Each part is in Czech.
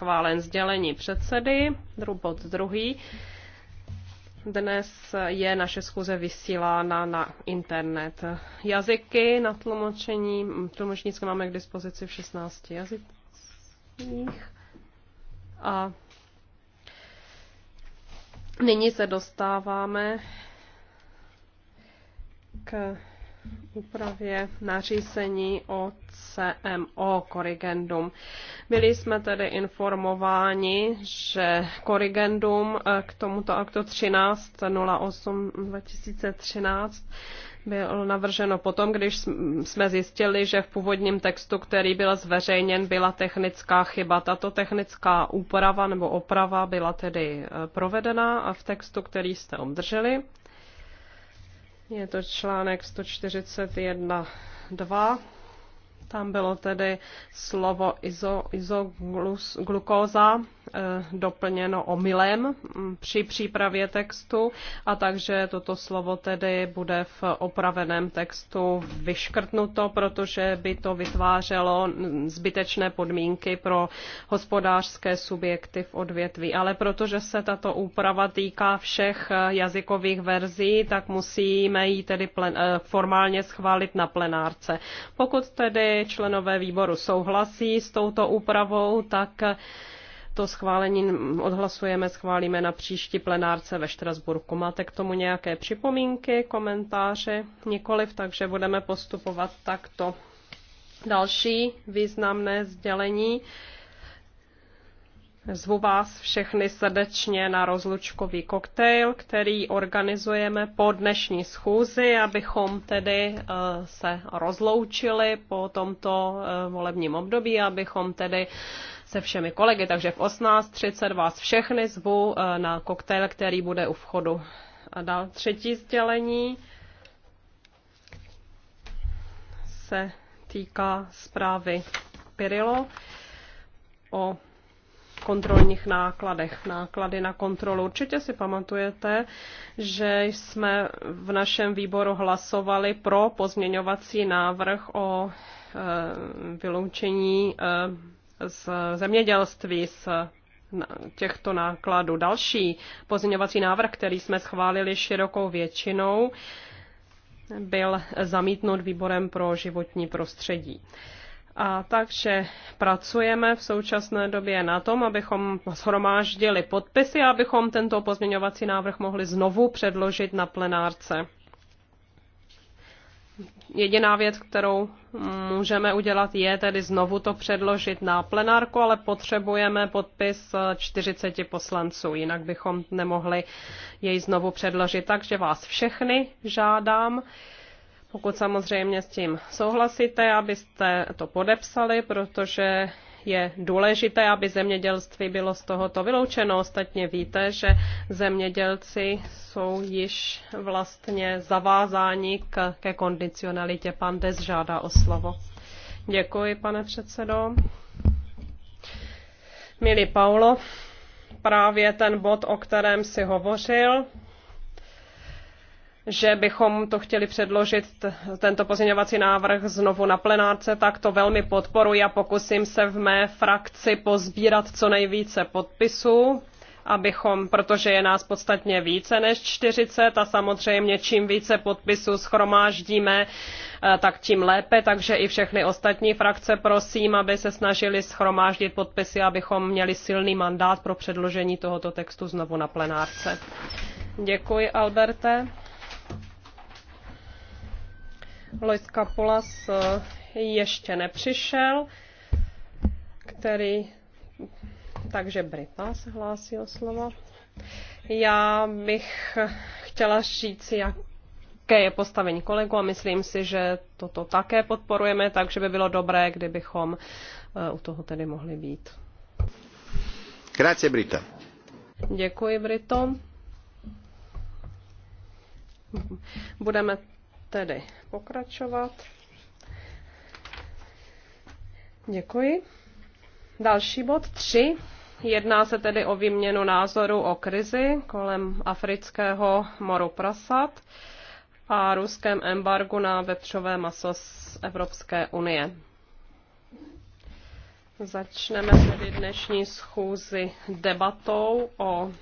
schválen sdělení předsedy, bod druhý. Dnes je naše schůze vysílána na internet. Jazyky na tlumočení, tlumočnícky máme k dispozici v 16 jazycích. A nyní se dostáváme k úpravě nařízení o CMO korrigendum. Byli jsme tedy informováni, že korrigendum eh, k tomuto aktu 13.08.2013 bylo navrženo potom, když jsme zjistili, že v původním textu, který byl zveřejněn, byla technická chyba. Tato technická úprava nebo oprava byla tedy eh, provedena a v textu, který jste obdrželi je to článek 141.2 tam bylo tedy slovo izo, izoglukóza eh, doplněno omylem mm, při přípravě textu a takže toto slovo tedy bude v opraveném textu vyškrtnuto, protože by to vytvářelo zbytečné podmínky pro hospodářské subjekty v odvětví. Ale protože se tato úprava týká všech eh, jazykových verzí, tak musíme ji tedy plen, eh, formálně schválit na plenárce. Pokud tedy členové výboru souhlasí s touto úpravou, tak to schválení odhlasujeme, schválíme na příští plenárce ve Štrasburku. Máte k tomu nějaké připomínky, komentáře? Nikoliv, takže budeme postupovat takto. Další významné sdělení Zvu vás všechny srdečně na rozlučkový koktejl, který organizujeme po dnešní schůzi, abychom tedy eh, se rozloučili po tomto eh, volebním období, abychom tedy se všemi kolegy. Takže v 18.30 vás všechny zvu eh, na koktejl, který bude u vchodu. A dal třetí sdělení se týká zprávy Pirilo o kontrolních nákladech, náklady na kontrolu. Určitě si pamatujete, že jsme v našem výboru hlasovali pro pozměňovací návrh o eh, vyloučení eh, z zemědělství z těchto nákladů. Další pozměňovací návrh, který jsme schválili širokou většinou, byl zamítnut výborem pro životní prostředí. A takže pracujeme v současné době na tom, abychom shromáždili podpisy a abychom tento pozměňovací návrh mohli znovu předložit na plenárce. Jediná věc, kterou můžeme udělat, je tedy znovu to předložit na plenárku, ale potřebujeme podpis 40 poslanců, jinak bychom nemohli jej znovu předložit. Takže vás všechny žádám, pokud samozřejmě s tím souhlasíte, abyste to podepsali, protože je důležité, aby zemědělství bylo z tohoto vyloučeno. Ostatně víte, že zemědělci jsou již vlastně zavázáni k, ke kondicionalitě. Pan Des žádá o slovo. Děkuji, pane předsedo. Milý Paulo, právě ten bod, o kterém si hovořil, že bychom to chtěli předložit, tento pozměňovací návrh znovu na plenárce, tak to velmi podporuji a pokusím se v mé frakci pozbírat co nejvíce podpisů abychom, protože je nás podstatně více než 40 a samozřejmě čím více podpisů schromáždíme, eh, tak tím lépe, takže i všechny ostatní frakce prosím, aby se snažili schromáždit podpisy, abychom měli silný mandát pro předložení tohoto textu znovu na plenárce. Děkuji, Alberte. Lois Kapolas eh, ještě nepřišel, který... Takže Brita se hlásí o slovo. Já bych chtěla říct, jak jaké je postavení kolegu a myslím si, že toto také podporujeme, takže by bylo dobré, kdybychom eh, u toho tedy mohli být. Grazie, Brita. Děkuji, Brito. Budeme tedy pokračovat. Děkuji. Další bod tři. Jedná se tedy o výměnu názoru o krizi kolem afrického moru prasat a ruském embargu na vepřové maso z Evropské unie. Začneme tedy dnešní schůzi debatou o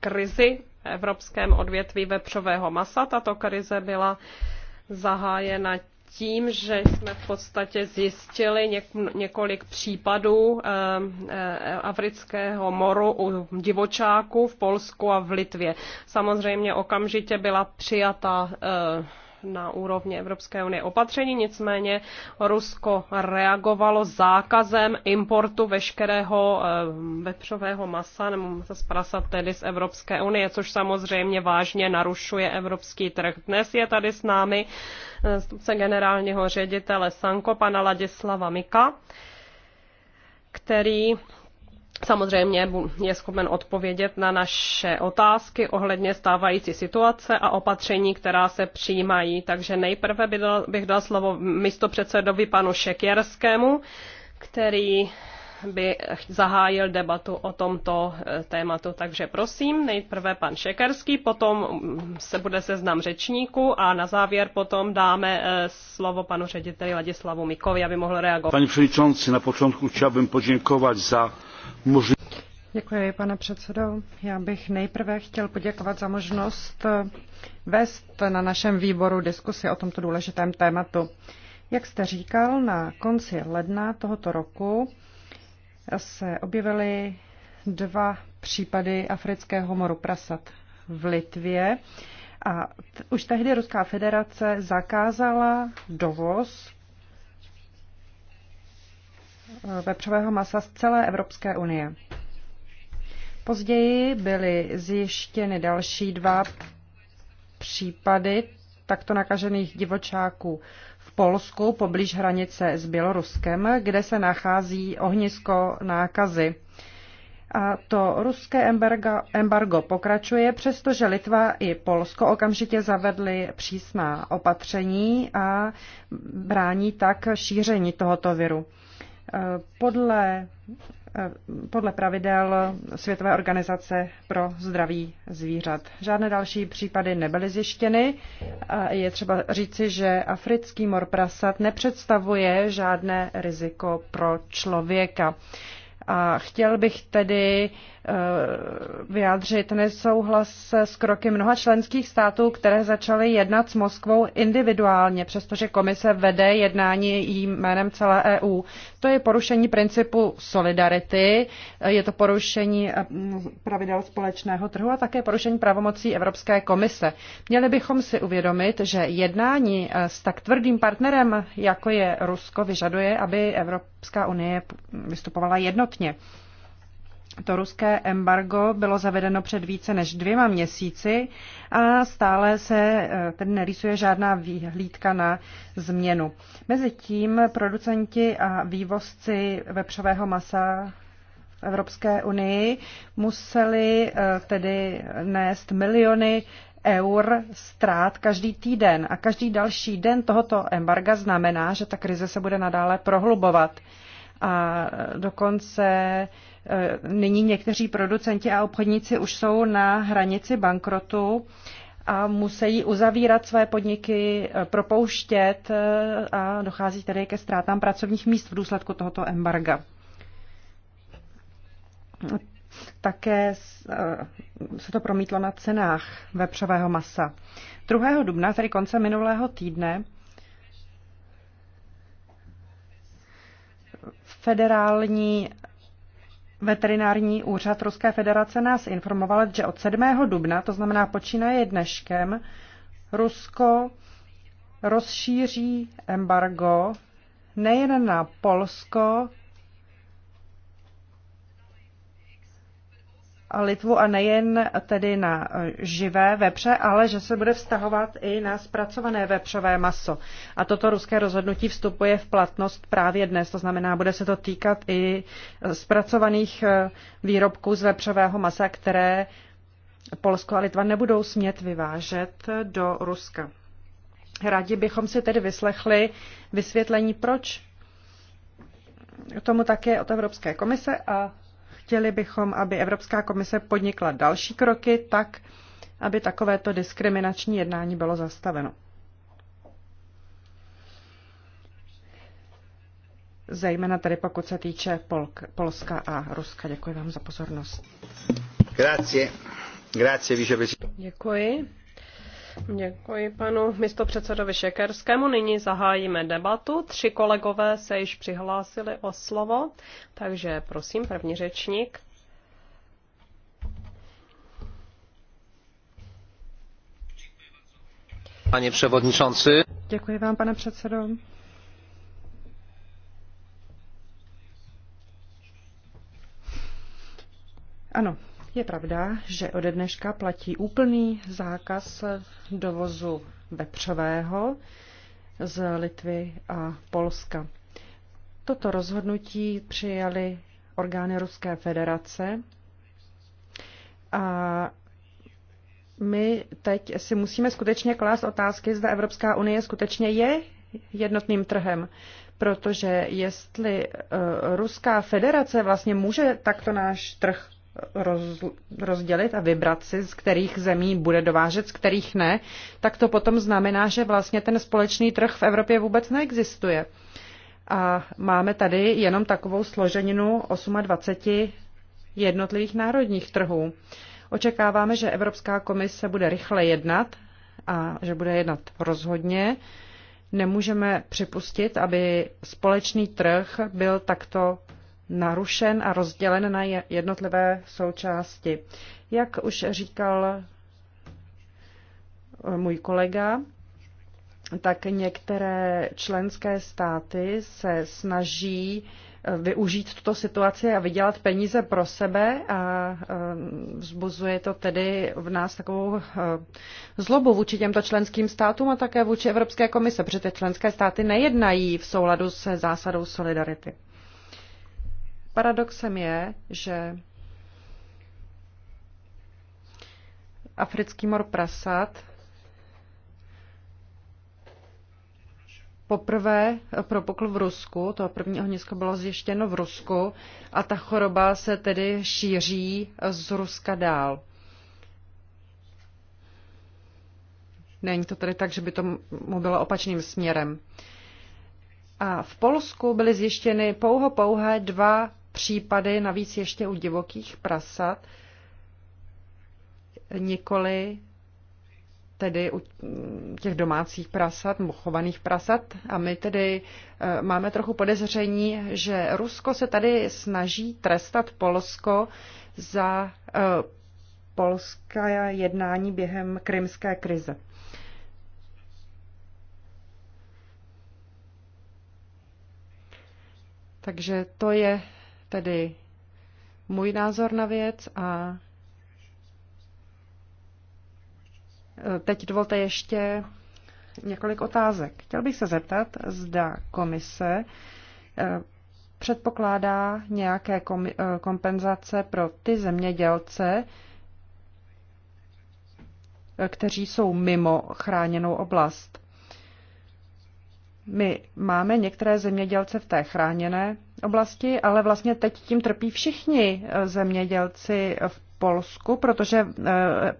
krizi v evropském odvětví vepřového masa. Tato krize byla zahájena tím, že jsme v podstatě zjistili několik případů eh, eh, afrického moru u divočáků v Polsku a v Litvě. Samozřejmě okamžitě byla přijata eh, na úrovni Evropské unie opatření, nicméně Rusko reagovalo zákazem importu veškerého eh, vepřového masa nebo masa z prasat tedy z Evropské unie, což samozřejmě vážně narušuje evropský trh. Dnes je tady s námi eh, stupce generálního ředitele Sanko, pana Ladislava Mika, který Samozřejmě je schopen odpovědět na naše otázky ohledně stávající situace a opatření, která se přijímají. Takže nejprve bych dal slovo místopředsedovi panu Šekjerskému, který by zahájil debatu o tomto eh, tématu. Takže prosím, nejprve pan Šekerský, potom mm, se bude seznam řečníků a na závěr potom dáme eh, slovo panu řediteli Ladislavu Mikovi, aby mohl reagovat. Pani předsedající, na počátku chtěl bych poděkovat za Děkuji, pane předsedo. Já bych nejprve chtěl poděkovat za možnost eh, vést na našem výboru diskusi o tomto důležitém tématu. Jak jste říkal, na konci ledna tohoto roku se objevily dva případy afrického moru prasat v Litvě. A už tehdy Ruská federace zakázala dovoz vepřového masa z celé Evropské unie. Později byly zjištěny další dva případy takto nakažených divočáků v Polsku poblíž hranice s Běloruskem, kde se nachází ohnisko nákazy. A to ruské embargo pokračuje, přestože Litva i Polsko okamžitě zavedly přísná opatření a brání tak šíření tohoto viru podle, podle pravidel Světové organizace pro zdraví zvířat. Žádné další případy nebyly zjištěny. Je třeba říci, že africký mor prasat nepředstavuje žádné riziko pro člověka. A chtěl bych tedy uh, Eh, vyjádřit nesouhlas s kroky mnoha členských států, které začaly jednat s Moskvou individuálně, přestože komise vede jednání jím jménem celé EU. To je porušení principu solidarity, eh, je to porušení eh, pravidel společného trhu a také porušení pravomocí Evropské komise. Měli bychom si uvědomit, že jednání s tak tvrdým partnerem, jako je Rusko, vyžaduje, aby Evropská unie vystupovala jednotně. To ruské embargo bylo zavedeno před více než dvěma měsíci a stále se e, tedy nerýsuje žádná výhlídka na změnu. Mezitím producenti a vývozci vepřového masa v Evropské unii museli e, tedy nést miliony eur ztrát každý týden a každý další den tohoto embarga znamená, že ta krize se bude nadále prohlubovat. A dokonce e, nyní někteří producenti a obchodníci už jsou na hranici bankrotu a musí uzavírat své podniky, e, propouštět e, a dochází tedy ke ztrátám pracovních míst v důsledku tohoto embarga. Také se to promítlo na cenách vepřového masa. 2. dubna, tedy konce minulého týdne, Federální veterinární úřad Ruské federace nás informoval, že od 7. dubna, to znamená počínaje dneškem, Rusko rozšíří embargo nejen na Polsko, Litvu a nejen tedy na eh, živé vepře, ale že se bude vztahovat i na zpracované vepřové maso. A toto ruské rozhodnutí vstupuje v platnost právě dnes, to znamená, bude se to týkat i eh, zpracovaných eh, výrobků z vepřového masa, které Polsko a Litva nebudou smět vyvážet do Ruska. Rádi bychom si tedy vyslechli vysvětlení, proč tomu také od Evropské komise a Chtěli bychom, aby Evropská komise podnikla další kroky tak, aby takovéto diskriminační jednání bylo zastaveno. Zejména tedy pokud se týče Polk, Polska a Ruska. Děkuji vám za pozornost. Grazie. Grazie, Děkuji Děkuji panu místopředsedovi Šekerskému. Nyní zahájíme debatu. Tři kolegové se již přihlásili o slovo, takže prosím, první řečník. Pane předsedající. Děkuji vám, pane předsedo. Ano, je pravda, že ode dneška platí úplný zákaz dovozu vepřového z Litvy a Polska. Toto rozhodnutí přijali orgány Ruské federace a my teď si musíme skutečně klást otázky, zda Evropská unie skutečně je jednotným trhem, protože jestli eh, Ruská federace vlastně může takto náš trh roz, rozdělit a vybrat si, z kterých zemí bude dovážet, z kterých ne, tak to potom znamená, že vlastně ten společný trh v Evropě vůbec neexistuje. A máme tady jenom takovou složeninu 28 jednotlivých národních trhů. Očekáváme, že Evropská komise bude rychle jednat a že bude jednat rozhodně. Nemůžeme připustit, aby společný trh byl takto narušen a rozdělen na jednotlivé součásti. Jak už říkal eh, můj kolega, tak některé členské státy se snaží eh, využít tuto situaci a vydělat peníze pro sebe a eh, vzbuzuje to tedy v nás takovou zlobu vůči těmto členským státům a také vůči Evropské komise, protože ty členské státy nejednají v souladu se zásadou solidarity. Paradoxem je, že africký mor prasat poprvé propukl v Rusku, to první ohnisko bylo zjištěno v Rusku a ta choroba se tedy šíří z Ruska dál. Není to tedy tak, že by to mu bylo opačným směrem. A v Polsku byly zjištěny pouho pouhé dva případy, navíc ještě u divokých prasat, nikoli tedy u těch domácích prasat, mochovaných prasat. A my tedy eh, máme trochu podezření, že Rusko se tady snaží trestat Polsko za eh, polské jednání během krymské krize. Takže to je tedy můj názor na věc a e, teď dovolte ještě několik otázek. Chtěl bych se zeptat, zda komise e, předpokládá nějaké e, kompenzace pro ty zemědělce, kteří jsou mimo chráněnou oblast. My máme některé zemědělce v té chráněné oblasti, ale vlastně teď tím trpí všichni eh, zemědělci v Polsku, protože eh,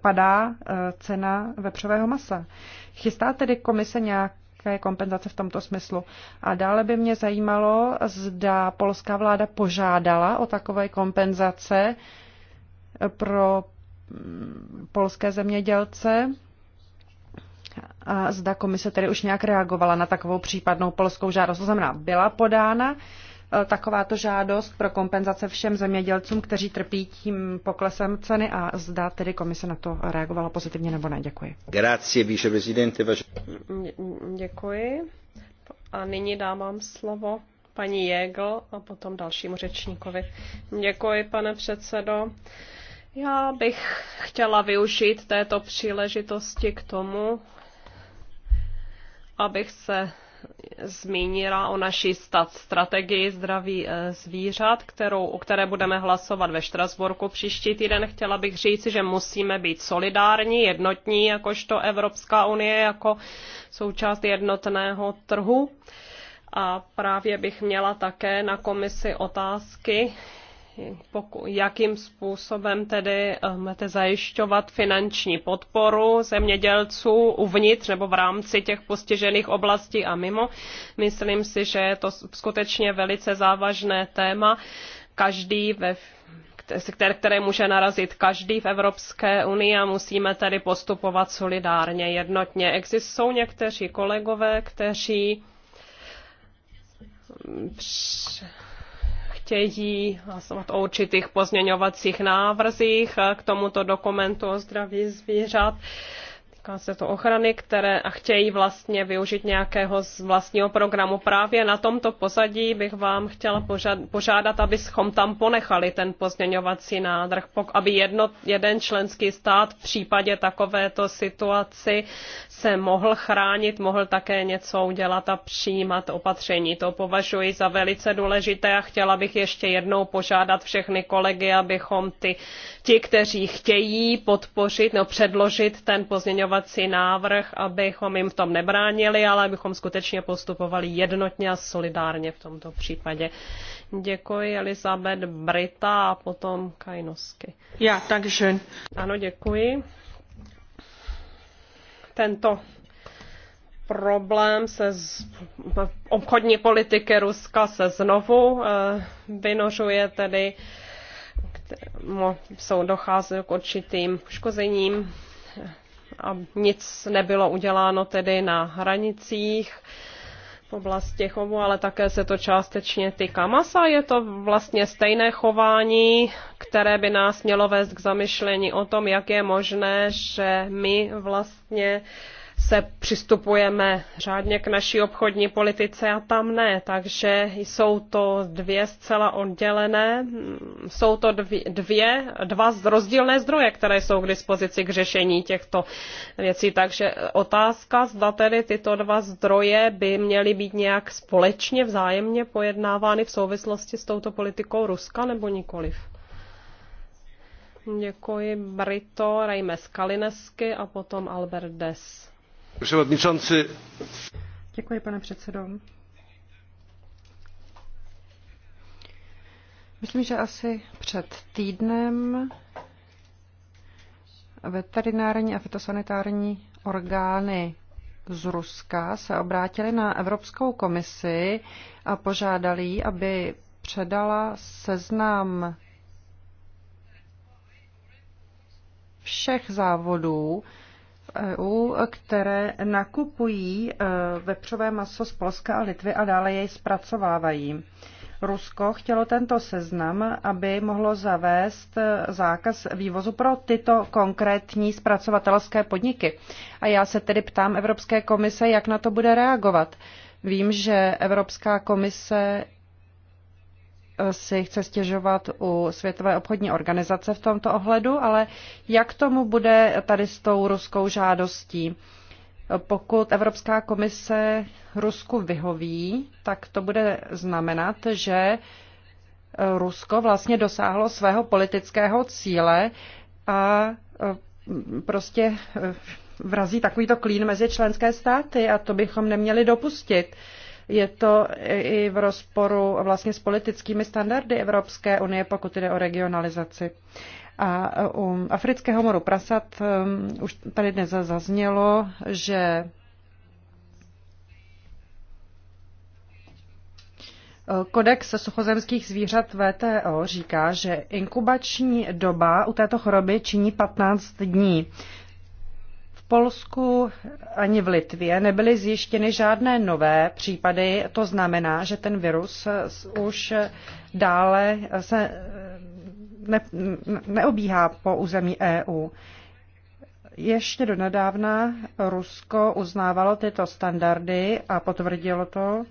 padá eh, cena vepřového masa. Chystá tedy komise nějaké kompenzace v tomto smyslu? A dále by mě zajímalo, zda polská vláda požádala o takové kompenzace pro mm, polské zemědělce a zda komise tedy už nějak reagovala na takovou případnou polskou žádost. To znamená, byla podána e, takováto žádost pro kompenzace všem zemědělcům, kteří trpí tím poklesem ceny a zda tedy komise na to reagovala pozitivně nebo ne. Děkuji. Grazie, Vaš... Děkuji. A nyní dávám slovo paní Jegl a potom dalšímu řečníkovi. Děkuji, pane předsedo. Já bych chtěla využít této příležitosti k tomu, abych se zmínila o naší stat strategii zdraví eh, zvířat, kterou, o které budeme hlasovat ve Štrasburku příští týden. Chtěla bych říci, že musíme být solidární, jednotní, jakožto Evropská unie, jako součást jednotného trhu. A právě bych měla také na komisi otázky, jakým způsobem tedy eh, máte zajišťovat finanční podporu zemědělců uvnitř nebo v rámci těch postižených oblastí a mimo. Myslím si, že je to skutečně velice závažné téma. Každý ve které, které může narazit každý v Evropské unii a musíme tedy postupovat solidárně, jednotně. Existují někteří kolegové, kteří mm, chtějí hlasovat o určitých pozměňovacích návrzích k tomuto dokumentu o zdraví zvířat týká se to ochrany, které a chtějí vlastně využít nějakého z vlastního programu. Právě na tomto pozadí bych vám chtěla požad, požádat, abychom tam ponechali ten pozměňovací nádrh, aby jedno, jeden členský stát v případě takovéto situaci se mohl chránit, mohl také něco udělat a přijímat opatření. To považuji za velice důležité a chtěla bych ještě jednou požádat všechny kolegy, abychom ty, ti, kteří chtějí podpořit, nebo předložit ten pozměňovací pozměňovací návrh, abychom jim v tom nebránili, ale abychom skutečně postupovali jednotně a solidárně v tomto případě. Děkuji Elizabeth Brita a potom Kajnosky. Já, takže. Ano, děkuji. Tento problém se z obchodní politiky Ruska se znovu eh, vynožuje tedy jsou dochází k určitým poškozením a nic nebylo uděláno tedy na hranicích v oblasti chovu, ale také se to částečně týká masa. Je to vlastně stejné chování, které by nás mělo vést k zamyšlení o tom, jak je možné, že my vlastně uh, se přistupujeme řádně k naší obchodní politice a tam ne. Takže jsou to dvě zcela oddělené, mm, jsou to dvě, dva rozdílné zdroje, které jsou k dispozici k řešení těchto věcí. Takže otázka, zda tedy tyto dva zdroje by měly být nějak společně vzájemně pojednávány v souvislosti s touto politikou Ruska nebo nikoliv? Děkuji Brito, Rejme Skalinesky a potom Albert Des. Děkuji, pane předsedo. Myslím, že asi před týdnem veterinární a fitosanitární orgány z Ruska se obrátili na Evropskou komisi a požádali ji, aby předala seznam všech závodů, v EU, které nakupují e, vepřové maso z Polska a Litvy a dále jej zpracovávají. Rusko chtělo tento seznam, aby mohlo zavést e, zákaz vývozu pro tyto konkrétní zpracovatelské podniky. A já se tedy ptám Evropské komise, jak na to bude reagovat. Vím, že Evropská komise si chce stěžovat u Světové obchodní organizace v tomto ohledu, ale jak tomu bude tady s tou ruskou žádostí? Pokud Evropská komise Rusku vyhoví, tak to bude znamenat, že Rusko vlastně dosáhlo svého politického cíle a e, prostě e, vrazí takovýto klín mezi členské státy a to bychom neměli dopustit. Je to i v rozporu vlastně s politickými standardy Evropské unie, pokud jde o regionalizaci. A u afrického moru prasat um, už tady dnes zaznělo, že Kodex suchozemských zvířat VTO říká, že inkubační doba u této choroby činí 15 dní. Polsku ani v Litvě nebyly zjištěny žádné nové případy. To znamená, že ten virus už dále se eh, ne, neobíhá po území EU. Ještě do nedávna Rusko uznávalo tyto standardy a potvrdilo to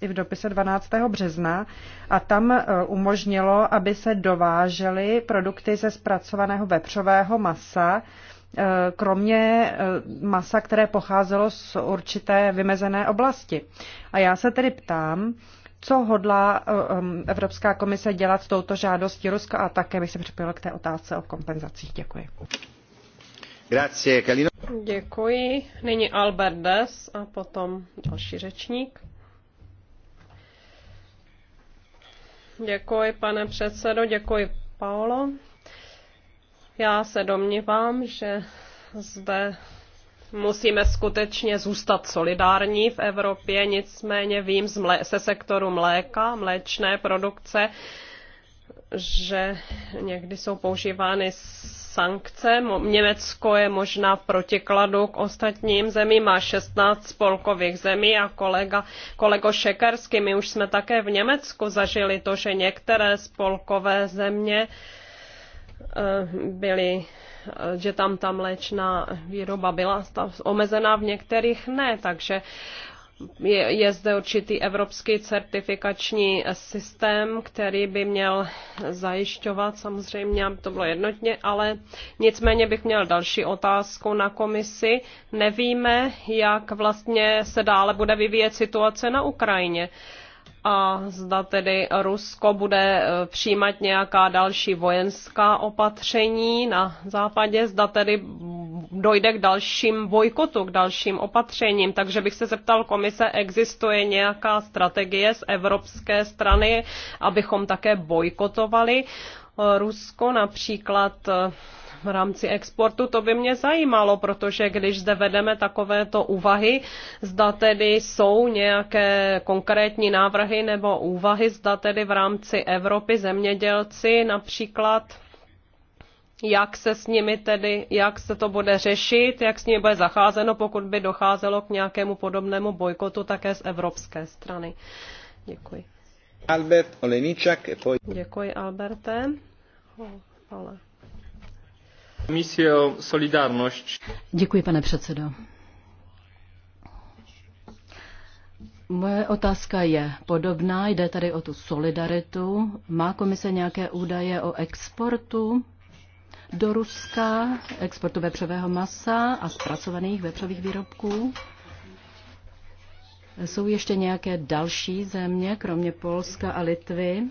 i v dopise 12. března a tam eh, umožnilo, aby se dovážely produkty ze zpracovaného vepřového masa, Eh, kromě eh, masa, které pocházelo z určité vymezené oblasti. A já se tedy ptám, co hodlá eh, Evropská komise dělat s touto žádostí Ruska a také bych se připojila k té otázce o kompenzacích. Děkuji. Děkuji. Nyní Albert Des a potom další řečník. Děkuji, pane předsedo, děkuji, Paolo. Já se domnívám, že zde musíme skutečně zůstat solidární v Evropě, nicméně vím z se sektoru mléka, mléčné produkce, že někdy jsou používány sankce. Německo je možná v protikladu k ostatním zemím, má 16 spolkových zemí a kolega, kolego Šekersky, my už jsme také v Německu zažili to, že některé spolkové země uh, Eh, byly, eh, že tam ta mléčná výroba byla omezená, v některých ne, takže je, je zde určitý evropský certifikační systém, který by měl zajišťovat samozřejmě, aby to bylo jednotně, ale nicméně bych měl další otázku na komisi. Nevíme, jak vlastně se dále bude vyvíjet situace na Ukrajině. Uh, a zda tedy Rusko bude eh, přijímat nějaká další vojenská opatření na západě, zda tedy dojde k dalším bojkotu, k dalším opatřením. Takže bych se zeptal komise, existuje nějaká strategie z evropské strany, abychom také bojkotovali eh, Rusko, například eh, v rámci exportu, to by mě zajímalo, protože když zde vedeme takovéto úvahy, zda tedy jsou nějaké konkrétní návrhy nebo úvahy, zda tedy v rámci Evropy zemědělci například jak se s nimi tedy, jak se to bude řešit, jak s nimi bude zacházeno, pokud by docházelo k nějakému podobnému bojkotu také z evropské strany. Děkuji. Albert Oleničak. Děkuji, Alberte. Oh, ale. Děkuji, pane předsedo. Moje otázka je podobná, jde tady o tu solidaritu. Má komise nějaké údaje o exportu do Ruska, exportu vepřového masa a zpracovaných vepřových výrobků? Jsou ještě nějaké další země, kromě Polska a Litvy,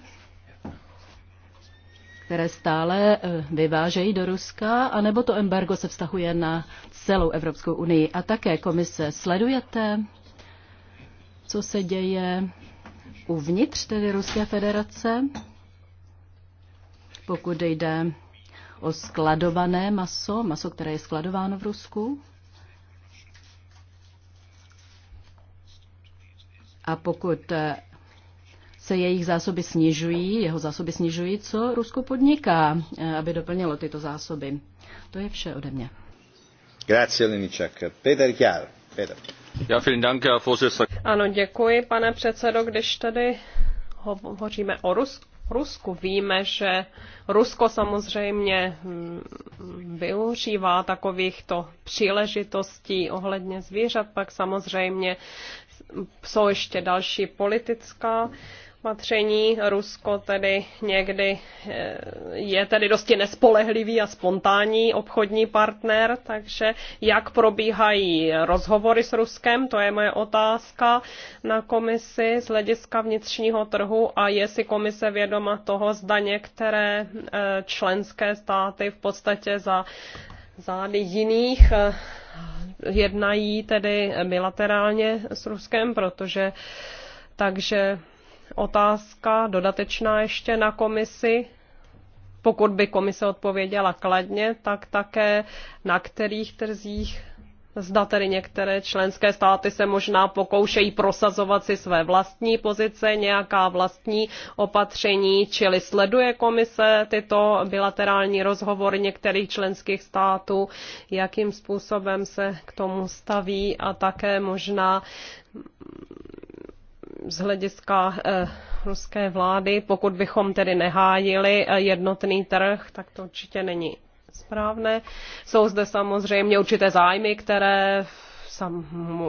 které stále eh, vyvážejí do Ruska, anebo to embargo se vztahuje na celou Evropskou unii. A také komise, sledujete, co se děje uvnitř tedy Ruské federace, pokud jde o skladované maso, maso, které je skladováno v Rusku. A pokud eh, se jejich zásoby snižují, jeho zásoby snižují, co Rusko podniká, eh, aby doplnilo tyto zásoby. To je vše ode mě. Grazie, Liničak. Peter Kjár. Peter. Já vielen Dank, Herr Ano, děkuji, pane předsedo, když tady hovoříme o Rusku. Rusku. Víme, že Rusko samozřejmě mm, využívá takovýchto příležitostí ohledně zvířat, pak samozřejmě jsou ještě další politická opatření. Rusko tedy někdy eh, je tedy dosti nespolehlivý a spontánní obchodní partner, takže jak probíhají rozhovory s Ruskem, to je moje otázka na komisi z hlediska vnitřního trhu a je si komise vědoma toho, zda některé eh, členské státy v podstatě za zády jiných eh, jednají tedy bilaterálně s Ruskem, protože takže otázka dodatečná ještě na komisi. Pokud by komise odpověděla kladně, tak také na kterých trzích Zda tedy některé členské státy se možná pokoušejí prosazovat si své vlastní pozice, nějaká vlastní opatření, čili sleduje komise tyto bilaterální rozhovory některých členských států, jakým způsobem se k tomu staví a také možná z hlediska eh, ruské vlády, pokud bychom tedy nehájili eh, jednotný trh, tak to určitě není správné. Jsou zde samozřejmě určité zájmy, které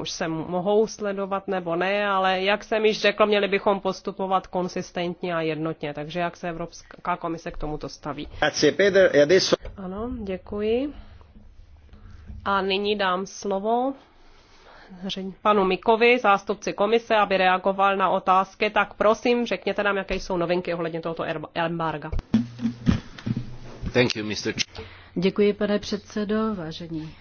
už se mohou sledovat nebo ne, ale jak jsem již řekl, měli bychom postupovat konsistentně a jednotně. Takže jak se Evropská komise k tomuto staví? E ano, děkuji. A nyní dám slovo panu Mikovi, zástupci komise, aby reagoval na otázky, tak prosím, řekněte nám, jaké jsou novinky ohledně tohoto embarga. Thank you, Mr. Děkuji, pane předsedo, vážení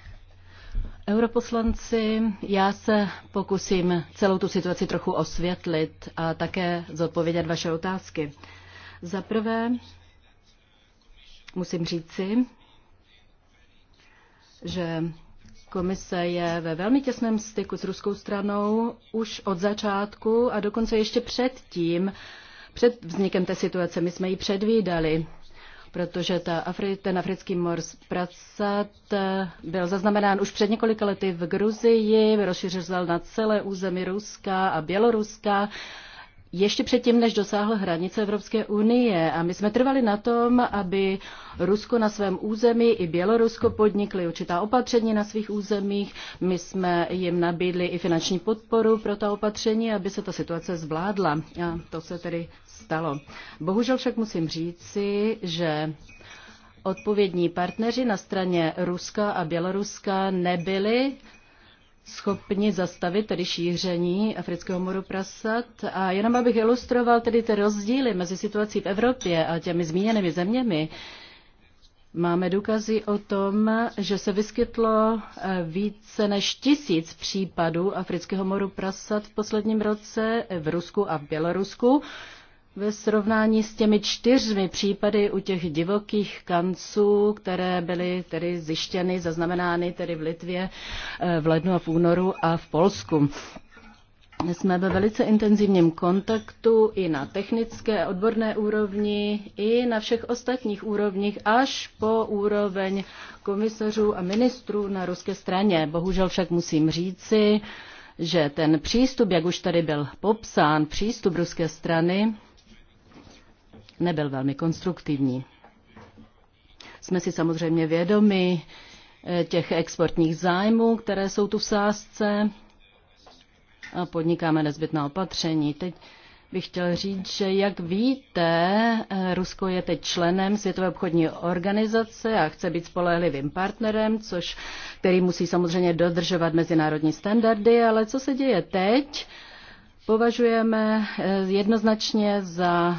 Europoslanci, já se pokusím celou tu situaci trochu osvětlit a také zodpovědět vaše otázky. Za prvé musím říci, že Komise je ve velmi těsném styku s ruskou stranou už od začátku a dokonce ještě před tím, před vznikem té situace, my jsme ji předvídali, protože ta Afri- ten africký mors pracat eh, byl zaznamenán už před několika lety v Gruzii, rozšířil na celé území Ruska a Běloruska ještě předtím, než dosáhl hranice Evropské unie. A my jsme trvali na tom, aby Rusko na svém území i Bělorusko podnikly určitá opatření na svých územích. My jsme jim nabídli i finanční podporu pro ta opatření, aby se ta situace zvládla. A to se tedy stalo. Bohužel však musím říci, že odpovědní partneři na straně Ruska a Běloruska nebyli schopni zastavit tedy šíření afrického moru prasat. A jenom abych ilustroval tedy ty rozdíly mezi situací v Evropě a těmi zmíněnými zeměmi, Máme důkazy o tom, že se vyskytlo eh, více než tisíc případů afrického moru prasat v posledním roce v Rusku a v Bělorusku ve srovnání s těmi čtyřmi případy u těch divokých kanců, které byly tedy zjištěny, zaznamenány tedy v Litvě eh, v lednu a v únoru a v Polsku. Jsme ve velice intenzivním kontaktu i na technické odborné úrovni, i na všech ostatních úrovních, až po úroveň komisařů a ministrů na ruské straně. Bohužel však musím říci, že ten přístup, jak už tady byl popsán, přístup ruské strany, nebyl velmi konstruktivní. Jsme si samozřejmě vědomi eh, těch exportních zájmů, které jsou tu v sázce a podnikáme nezbytná opatření. Teď bych chtěl říct, že jak víte, eh, Rusko je teď členem Světové obchodní organizace a chce být spolehlivým partnerem, což, který musí samozřejmě dodržovat mezinárodní standardy, ale co se děje teď, považujeme eh, jednoznačně za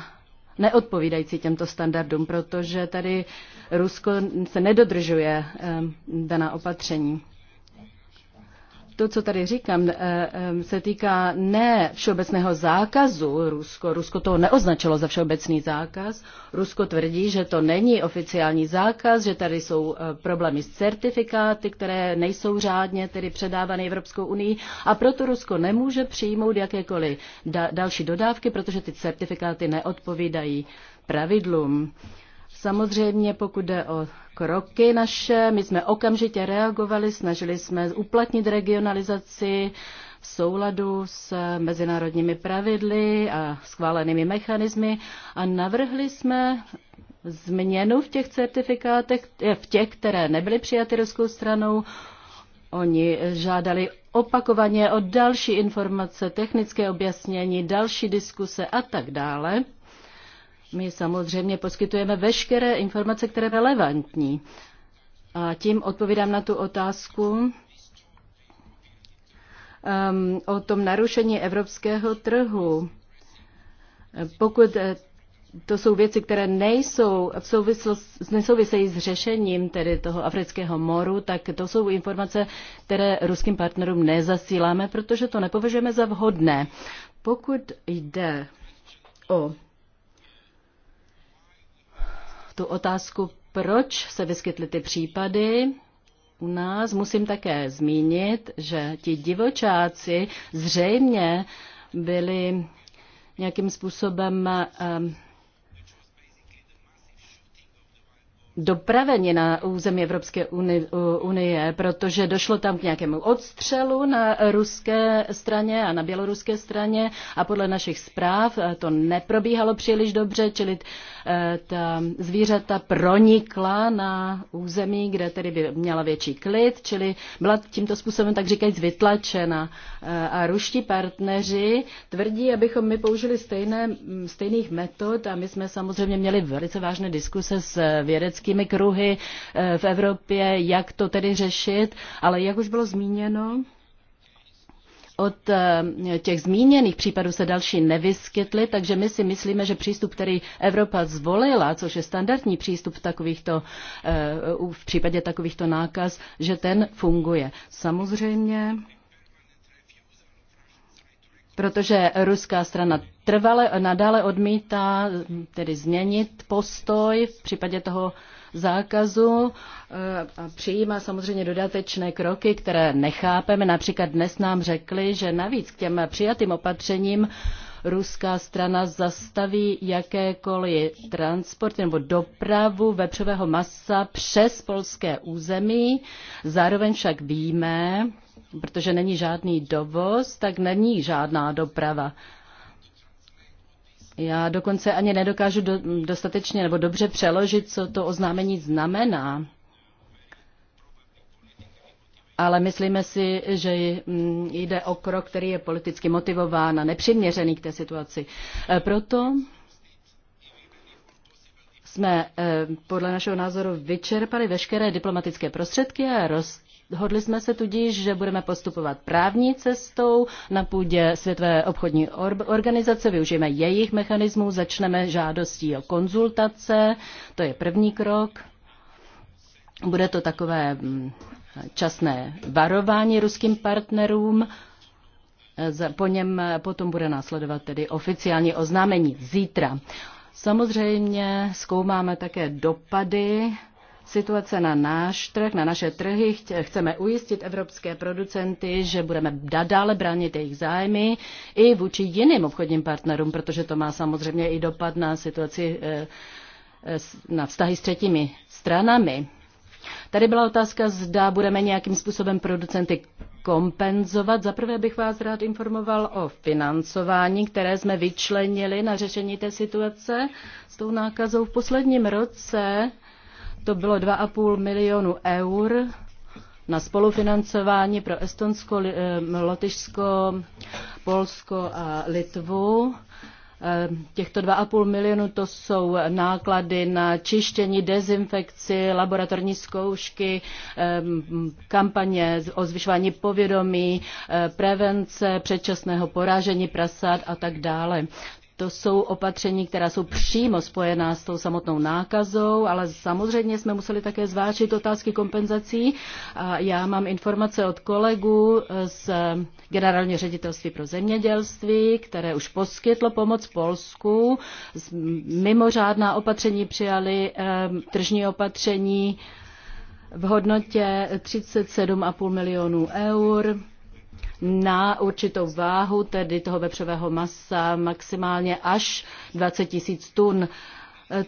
neodpovídající těmto standardům, protože tady Rusko se nedodržuje eh, daná opatření to, co tady říkám, eh, eh, se týká ne všeobecného zákazu Rusko. Rusko to neoznačilo za všeobecný zákaz. Rusko tvrdí, že to není oficiální zákaz, že tady jsou eh, problémy s certifikáty, které nejsou řádně tedy předávány Evropskou unii a proto Rusko nemůže přijmout jakékoliv da- další dodávky, protože ty certifikáty neodpovídají pravidlům. Samozřejmě, pokud jde o kroky naše, my jsme okamžitě reagovali, snažili jsme uplatnit regionalizaci v souladu s mezinárodními pravidly a schválenými mechanismy a navrhli jsme změnu v těch certifikátech, eh, v těch, které nebyly přijaty ruskou stranou. Oni žádali opakovaně o další informace, technické objasnění, další diskuse a tak dále. My samozřejmě poskytujeme veškeré informace, které relevantní. A tím odpovídám na tu otázku um, o tom narušení evropského trhu. Pokud eh, to jsou věci, které nejsou v souvislost, nesouvisejí s řešením tedy toho afrického moru, tak to jsou informace, které ruským partnerům nezasíláme, protože to nepovažujeme za vhodné. Pokud jde o tu otázku, proč se vyskytly ty případy, u nás musím také zmínit, že ti divočáci zřejmě byli nějakým způsobem eh, dopraveni na území Evropské unie, protože došlo tam k nějakému odstřelu na ruské straně a na běloruské straně a podle našich zpráv eh, to neprobíhalo příliš dobře, čili eh, ta zvířata pronikla na území, kde tedy by měla větší klid, čili byla tímto způsobem tak říkajíc vytlačena. Eh, a ruští partneři tvrdí, abychom my použili stejné, stejných metod a my jsme samozřejmě měli velice vážné diskuse s vědeckými politickými kruhy eh, v Evropě, jak to tedy řešit, ale jak už bylo zmíněno, od eh, těch zmíněných případů se další nevyskytly, takže my si myslíme, že přístup, který Evropa zvolila, což je standardní přístup v, takovýchto, eh, v případě takovýchto nákaz, že ten funguje. Samozřejmě protože ruská strana trvale nadále odmítá tedy změnit postoj v případě toho zákazu eh, a přijímá samozřejmě dodatečné kroky, které nechápeme. Například dnes nám řekli, že navíc k těm přijatým opatřením ruská strana zastaví jakékoliv transport nebo dopravu vepřového masa přes polské území. Zároveň však víme, protože není žádný dovoz, tak není žádná doprava. Já dokonce ani nedokážu do, dostatečně nebo dobře přeložit, co to oznámení znamená. Ale myslíme si, že mm, jde o krok, který je politicky motivován a nepřiměřený k té situaci. E, proto jsme e, podle našeho názoru vyčerpali veškeré diplomatické prostředky a roz, Dohodli jsme se tudíž, že budeme postupovat právní cestou na půdě Světové obchodní organizace, využijeme jejich mechanismů, začneme žádostí o konzultace, to je první krok. Bude to takové mm, časné varování ruským partnerům, po něm potom bude následovat tedy oficiální oznámení zítra. Samozřejmě zkoumáme také dopady situace na náš trh, na naše trhy. Chceme ujistit evropské producenty, že budeme dále bránit jejich zájmy i vůči jiným obchodním partnerům, protože to má samozřejmě i dopad na situaci eh, eh, na vztahy s třetími stranami. Tady byla otázka, zda budeme nějakým způsobem producenty kompenzovat. Zaprvé bych vás rád informoval o financování, které jsme vyčlenili na řešení té situace s tou nákazou. V posledním roce to bylo 2,5 milionu eur na spolufinancování pro Estonsko, eh, Lotyšsko, Polsko a Litvu. Eh, těchto 2,5 milionu to jsou náklady na čištění, dezinfekci, laboratorní zkoušky, eh, kampaně o zvyšování povědomí, prevence předčasného porážení prasat a tak dále to jsou opatření, která jsou přímo spojená s tou samotnou nákazou, ale samozřejmě jsme museli také zvážit otázky kompenzací. A já mám informace od kolegů z Generálního ředitelství pro zemědělství, které už poskytlo pomoc Polsku. Mimořádná opatření přijali, ehm, tržní opatření v hodnotě 37,5 milionů eur na určitou váhu, tedy toho vepřového masa maximálně až 20 tisíc tun.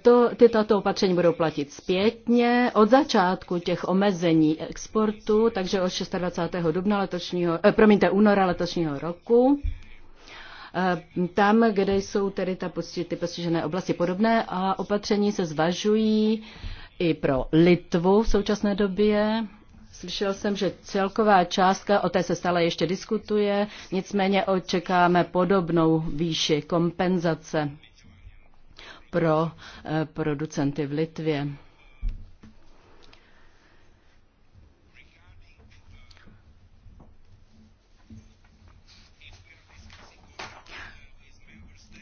To, ty tato opatření budou platit zpětně od začátku těch omezení exportu, takže od 26. dubna letošního, eh, promiňte, února letošního roku eh, tam, kde jsou tedy ta posti, ty postižené oblasti podobné a opatření se zvažují i pro Litvu v současné době. Slyšel jsem, že celková částka, o té se stále ještě diskutuje, nicméně očekáme podobnou výši kompenzace pro eh, producenty v Litvě.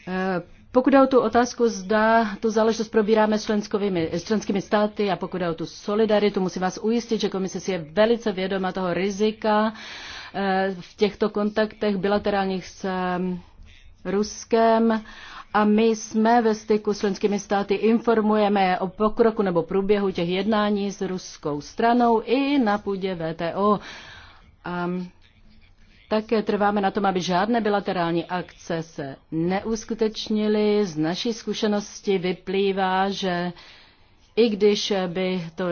Eh, pokud o tu otázku, zda tu záležitost probíráme s, s členskými státy a pokud o tu solidaritu, musím vás ujistit, že komise si je velice vědoma toho rizika eh, v těchto kontaktech bilaterálních s ehm, Ruskem a my jsme ve styku s členskými státy, informujeme o pokroku nebo průběhu těch jednání s ruskou stranou i na půdě VTO. Um, ehm, také trváme na tom, aby žádné bilaterální akce se neuskutečnily. Z naší zkušenosti vyplývá, že i když by to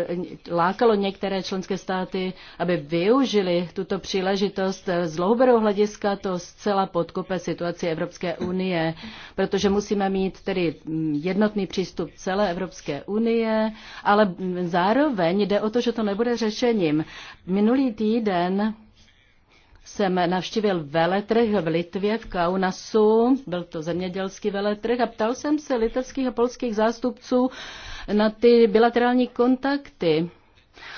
lákalo některé členské státy, aby využili tuto příležitost z dlouhodobého hlediska, to zcela podkope situaci Evropské unie, protože musíme mít tedy jednotný přístup celé Evropské unie, ale zároveň jde o to, že to nebude řešením. Minulý týden jsem navštívil veletrh v Litvě, v Kaunasu, byl to zemědělský veletrh a ptal jsem se litevských a polských zástupců na ty bilaterální kontakty.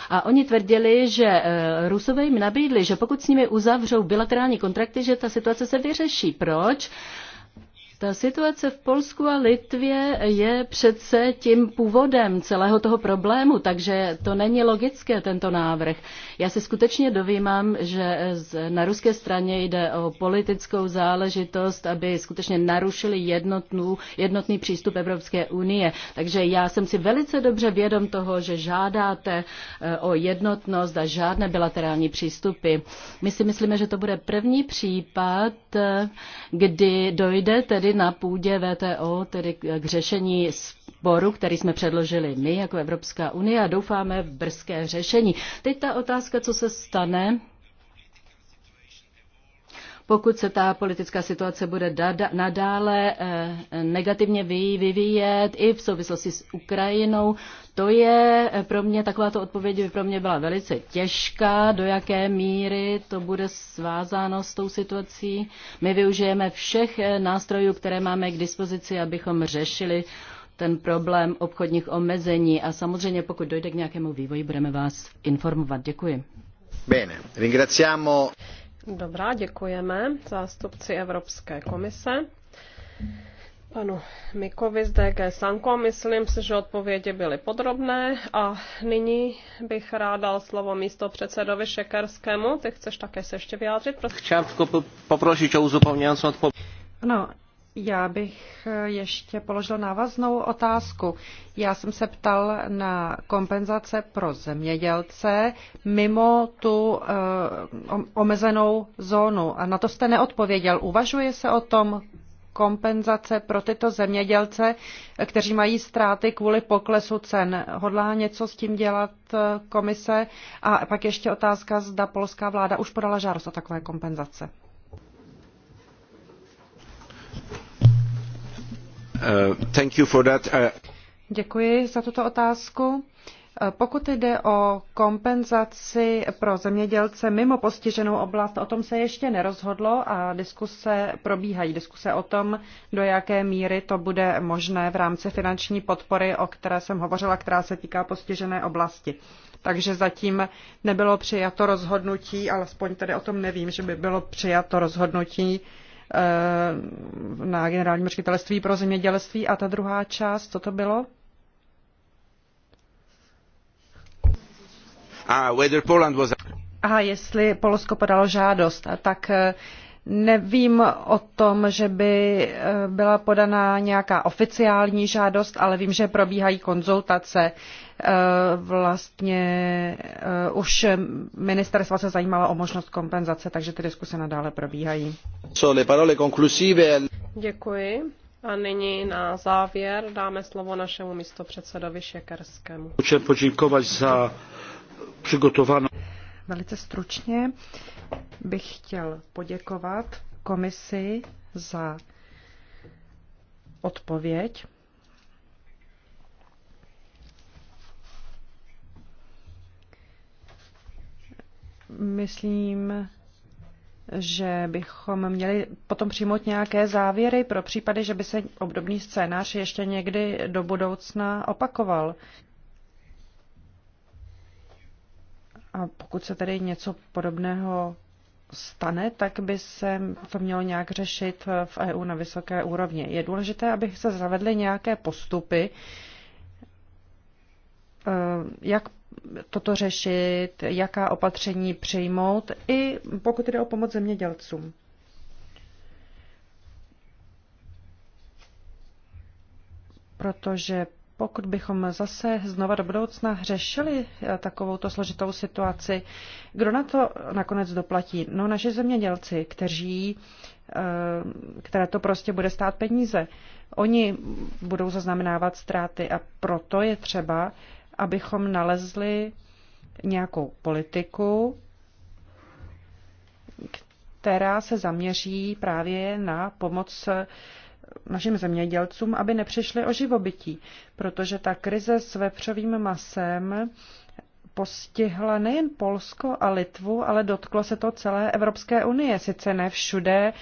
A oni tvrdili, že eh, Rusové jim nabídli, že pokud s nimi uzavřou bilaterální kontrakty, že ta situace se vyřeší. Proč? Ta situace v Polsku a Litvě je přece tím původem celého toho problému, takže to není logické, tento návrh. Já se skutečně dovímám, že na ruské straně jde o politickou záležitost, aby skutečně narušili jednotnou, jednotný přístup Evropské unie. Takže já jsem si velice dobře vědom toho, že žádáte eh, o jednotnost a žádné bilaterální přístupy. My si myslíme, že to bude první případ, eh, kdy dojde tedy na půdě VTO, tedy k řešení sporu, který jsme předložili my jako Evropská unie a doufáme v brzké řešení. Teď ta otázka, co se stane pokud se ta politická situace bude nadále eh, negativně vyvíjet i v souvislosti s Ukrajinou, to je eh, pro mě, takováto odpověď by pro mě byla velice těžká, do jaké míry to bude svázáno s tou situací. My využijeme všech eh, nástrojů, které máme k dispozici, abychom řešili ten problém obchodních omezení a samozřejmě pokud dojde k nějakému vývoji, budeme vás informovat. Děkuji. Bene, ringraziamo. Dobrá, děkujeme zástupci Evropské komise. Panu Mikovi z DG Sanko, myslím si, že odpovědi byly podrobné a nyní bych rád dal slovo místo předsedovi Šekerskému. Ty chceš také se ještě vyjádřit? Prosím. Chci poprosit o uzupełniającą odpověď. No, já bych eh, ještě položil návaznou otázku. Já jsem se ptal na kompenzace pro zemědělce mimo tu eh, omezenou zónu a na to jste neodpověděl. Uvažuje se o tom kompenzace pro tyto zemědělce, eh, kteří mají ztráty kvůli poklesu cen. Hodlá něco s tím dělat komise? A pak ještě otázka, zda polská vláda už podala žádost o takové kompenzace. Uh, uh, Děkuji za tuto otázku. Uh, pokud jde o kompenzaci pro zemědělce mimo postiženou oblast, o tom se ještě nerozhodlo a diskuse probíhají. Diskuse o tom, do jaké míry to bude možné v rámci finanční podpory, o které jsem hovořila, která se týká postižené oblasti. Takže zatím nebylo přijato rozhodnutí, alespoň tedy o tom nevím, že by bylo přijato rozhodnutí Eh, na generálním ředitelství pro zemědělství. A ta druhá část, co to bylo? A, ah, whether Poland was... A jestli Polsko podalo žádost, tak eh, Nevím o tom, že by eh, byla podaná nějaká oficiální žádost, ale vím, že probíhají konzultace. Eh, vlastně eh, už ministerstva se zajímalo o možnost kompenzace, takže ty diskuse nadále probíhají. Děkuji. A nyní na závěr dáme slovo našemu místopředsedovi Šekerskému. Chci poděkovat za přigotovanou. Velice stručně. Uh, bych chtěl poděkovat komisi za odpověď. Myslím, že bychom měli potom přijmout nějaké závěry pro případy, že by se obdobný scénář ještě někdy do budoucna opakoval. A pokud se tedy něco podobného stane, tak by se to mělo nějak řešit v EU na vysoké úrovni. Je důležité, aby se zavedly nějaké postupy, eh, jak toto řešit, jaká opatření přijmout, i pokud jde o pomoc zemědělcům. Protože pokud bychom zase znova do budoucna řešili eh, takovouto složitou situaci, kdo na to nakonec doplatí? No naši zemědělci, kteří, eh, které to prostě bude stát peníze. Oni budou zaznamenávat ztráty a proto je třeba, abychom nalezli nějakou politiku, která se zaměří právě na pomoc eh, našim zemědělcům, aby nepřišli o živobytí, protože ta krize s vepřovým masem postihla nejen Polsko a Litvu, ale dotklo se to celé Evropské unie. Sice ne všude e,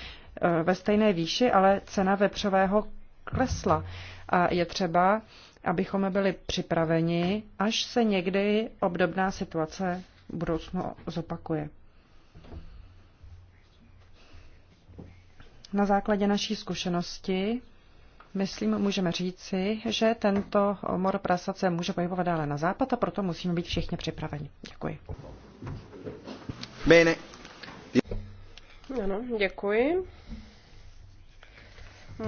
ve stejné výši, ale cena vepřového klesla. A je třeba, abychom byli připraveni, až se někdy obdobná situace v budoucnu zopakuje. Na základě naší zkušenosti, myslím, můžeme říci, že tento mor prasat se může pohybovat dále na západ a proto musíme být všichni připraveni. Děkuji. Bene. Ano, děkuji.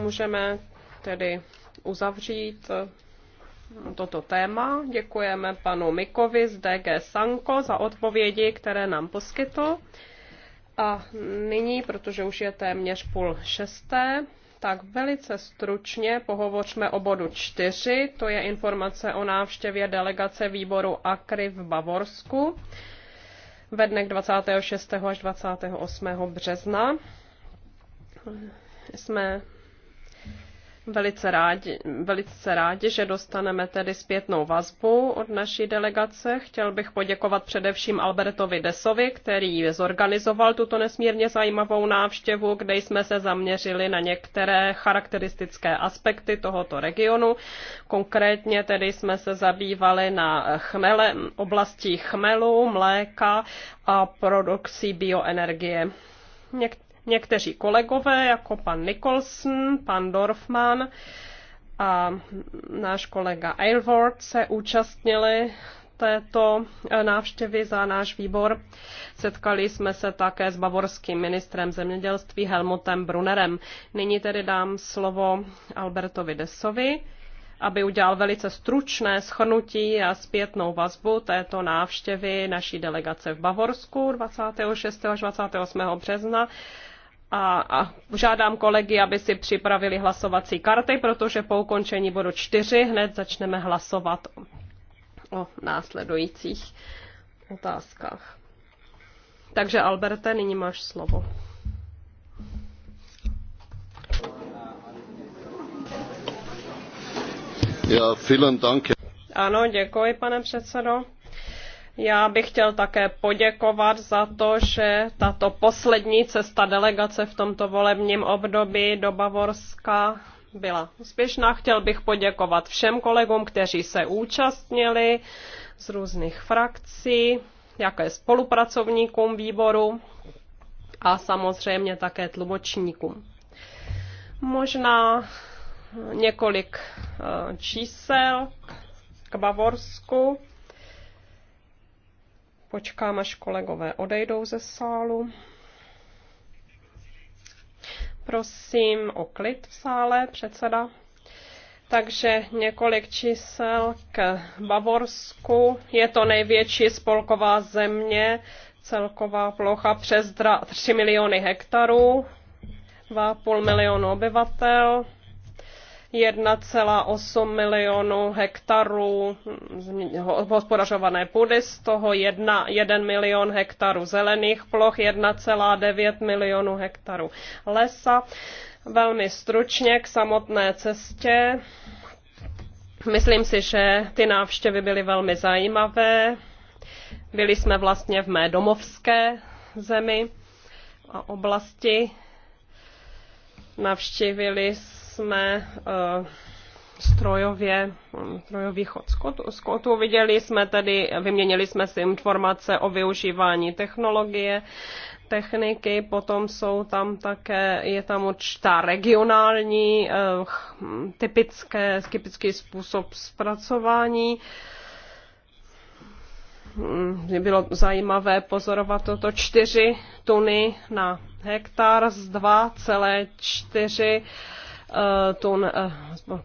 Můžeme tedy uzavřít toto téma. Děkujeme panu Mikovi z DG Sanko za odpovědi, které nám poskytl. A nyní, protože už je téměř půl šesté, tak velice stručně pohovořme o bodu 4, to je informace o návštěvě delegace výboru AKRY v Bavorsku ve dnech 26. až 28. března. Jsme velice rádi, velice rádi, že dostaneme tedy zpětnou vazbu od naší delegace. Chtěl bych poděkovat především Albertovi Desovi, který zorganizoval tuto nesmírně zajímavou návštěvu, kde jsme se zaměřili na některé charakteristické aspekty tohoto regionu. Konkrétně tedy jsme se zabývali na chmele, oblasti chmelu, mléka a produkcí bioenergie. Něk- Někteří kolegové, jako pan Nicholson, pan Dorfman a náš kolega Aylward se účastnili této eh, návštěvy za náš výbor. Setkali jsme se také s bavorským ministrem zemědělství Helmutem Brunerem. Nyní tedy dám slovo Albertovi Desovi, aby udělal velice stručné schrnutí a zpětnou vazbu této návštěvy naší delegace v Bavorsku 26. až 28. března a, a žádám kolegy, aby si připravili hlasovací karty, protože po ukončení bodu 4 hned začneme hlasovat o, o následujících otázkách. Takže Alberte, nyní máš slovo. Ja, vielen Dank. Ano, děkuji, pane předsedo. Já bych chtěl také poděkovat za to, že tato poslední cesta delegace v tomto volebním období do Bavorska byla úspěšná. Chtěl bych poděkovat všem kolegům, kteří se účastnili z různých frakcí, jaké spolupracovníkům výboru a samozřejmě také tlumočníkům. Možná několik eh, čísel k Bavorsku. Počkám, až kolegové odejdou ze sálu. Prosím o klid v sále, předseda. Takže několik čísel k Bavorsku. Je to největší spolková země, celková plocha přes 3 miliony hektarů, 2,5 milionu obyvatel. 1,8 milionu hektarů hospodařované půdy, z toho 1, 1 milion hektarů zelených ploch, 1,9 milionu hektarů lesa. Velmi stručně k samotné cestě. Myslím si, že ty návštěvy byly velmi zajímavé. Byli jsme vlastně v mé domovské zemi a oblasti. Navštívili jsme jsme eh, strojově, strojový chod skotu. Viděli jsme tedy, vyměnili jsme si informace o využívání technologie, techniky, potom jsou tam také, je tam určitá regionální, eh, typické, typický způsob zpracování mě hm, bylo zajímavé pozorovat toto 4 tuny na hektar z 2,4 Eh, tun eh,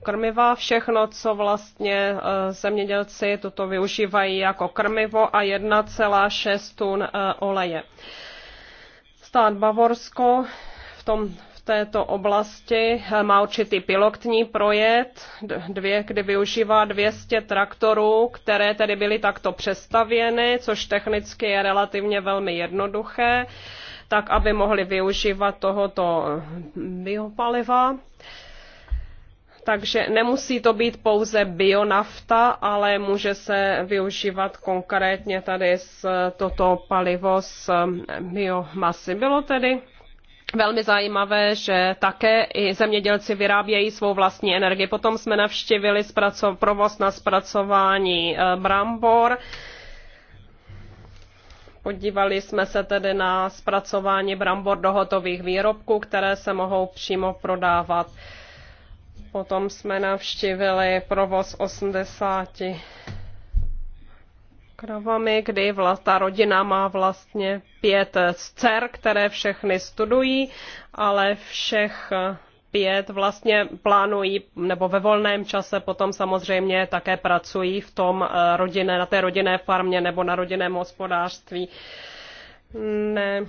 krmiva, všechno, co vlastně eh, zemědělci toto využívají jako krmivo a 1,6 tun oleje. Stát Bavorsko v tom této oblasti má určitý pilotní projekt, dvě, kdy využívá 200 traktorů, které tedy byly takto přestavěny, což technicky je relativně velmi jednoduché tak aby mohli využívat tohoto biopaliva. Takže nemusí to být pouze bionafta, ale může se využívat konkrétně tady z toto palivo z biomasy. Bylo tedy velmi zajímavé, že také i zemědělci vyrábějí svou vlastní energii. Potom jsme navštívili provoz na zpracování eh, brambor Podívali jsme se tedy na zpracování brambor do hotových výrobků, které se mohou přímo prodávat. Potom jsme navštívili provoz 80 kravami, kdy vlast, ta rodina má vlastně pět dcer, které všechny studují, ale všech pět vlastně plánují nebo ve volném čase potom samozřejmě také pracují v tom eh, rodinné, na té rodinné farmě nebo na rodinném hospodářství. Ne,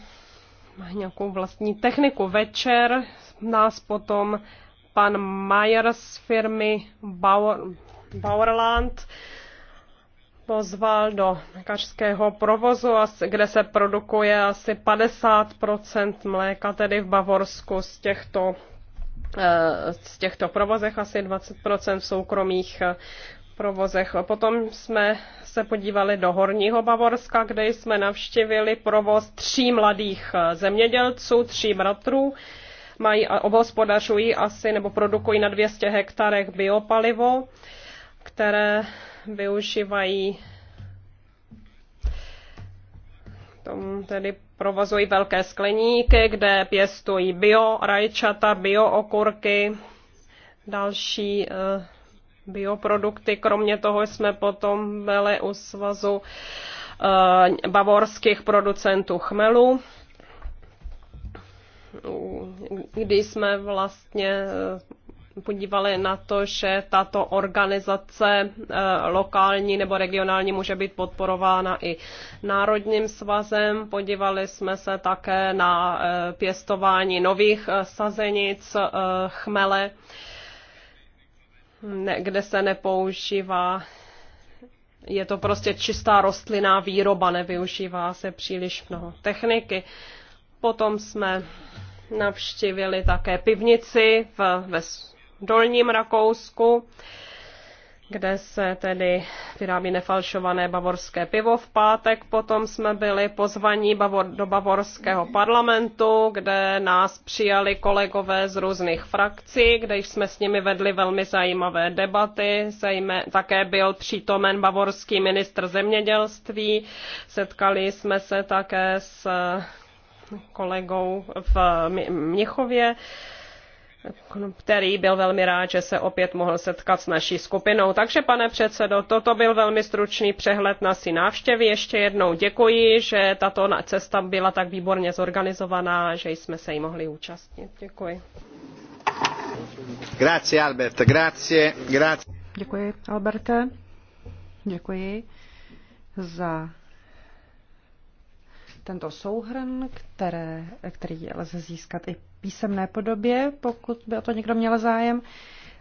mají nějakou vlastní techniku. Večer nás potom pan Mayer z firmy Bauer, Bauerland pozval do mlékařského provozu, kde se produkuje asi 50 mléka, tedy v Bavorsku, z těchto z těchto provozech, asi 20% v soukromých eh, provozech. Potom jsme se podívali do Horního Bavorska, kde jsme navštívili provoz tří mladých eh, zemědělců, tří bratrů. Mají, obhospodařují asi nebo produkují na 200 hektarech biopalivo, které využívají tom tedy provozují velké skleníky, kde pěstují bio rajčata, bio okurky, další eh, bioprodukty. Kromě toho jsme potom byli u svazu eh, bavorských producentů chmelu, kdy jsme vlastně eh, podívali na to, že tato organizace eh, lokální nebo regionální může být podporována i Národním svazem. Podívali jsme se také na eh, pěstování nových eh, sazenic chmele, kde se nepoužívá je to prostě čistá rostlinná výroba, nevyužívá se příliš mnoho techniky. Potom jsme navštívili také pivnici v, ve Dolním Rakousku, kde se tedy vyrábí nefalšované bavorské pivo v pátek. Potom jsme byli pozvaní bavor, do bavorského parlamentu, kde nás přijali kolegové z různých frakcí, kde jsme s nimi vedli velmi zajímavé debaty. Zajmé, také byl přítomen bavorský ministr zemědělství. Setkali jsme se také s kolegou v Měchově. M- který byl velmi rád, že se opět mohl setkat s naší skupinou. Takže pane předsedo, toto byl velmi stručný přehled naší návštěvy. Ještě jednou děkuji, že tato cesta byla tak výborně zorganizovaná, že jsme se jí mohli účastnit. Děkuji. Grazie Albert, grazie, grazie. Děkuji Alberte, děkuji za tento souhrn, které, který lze získat i písemné podobě, pokud by o to někdo měl zájem.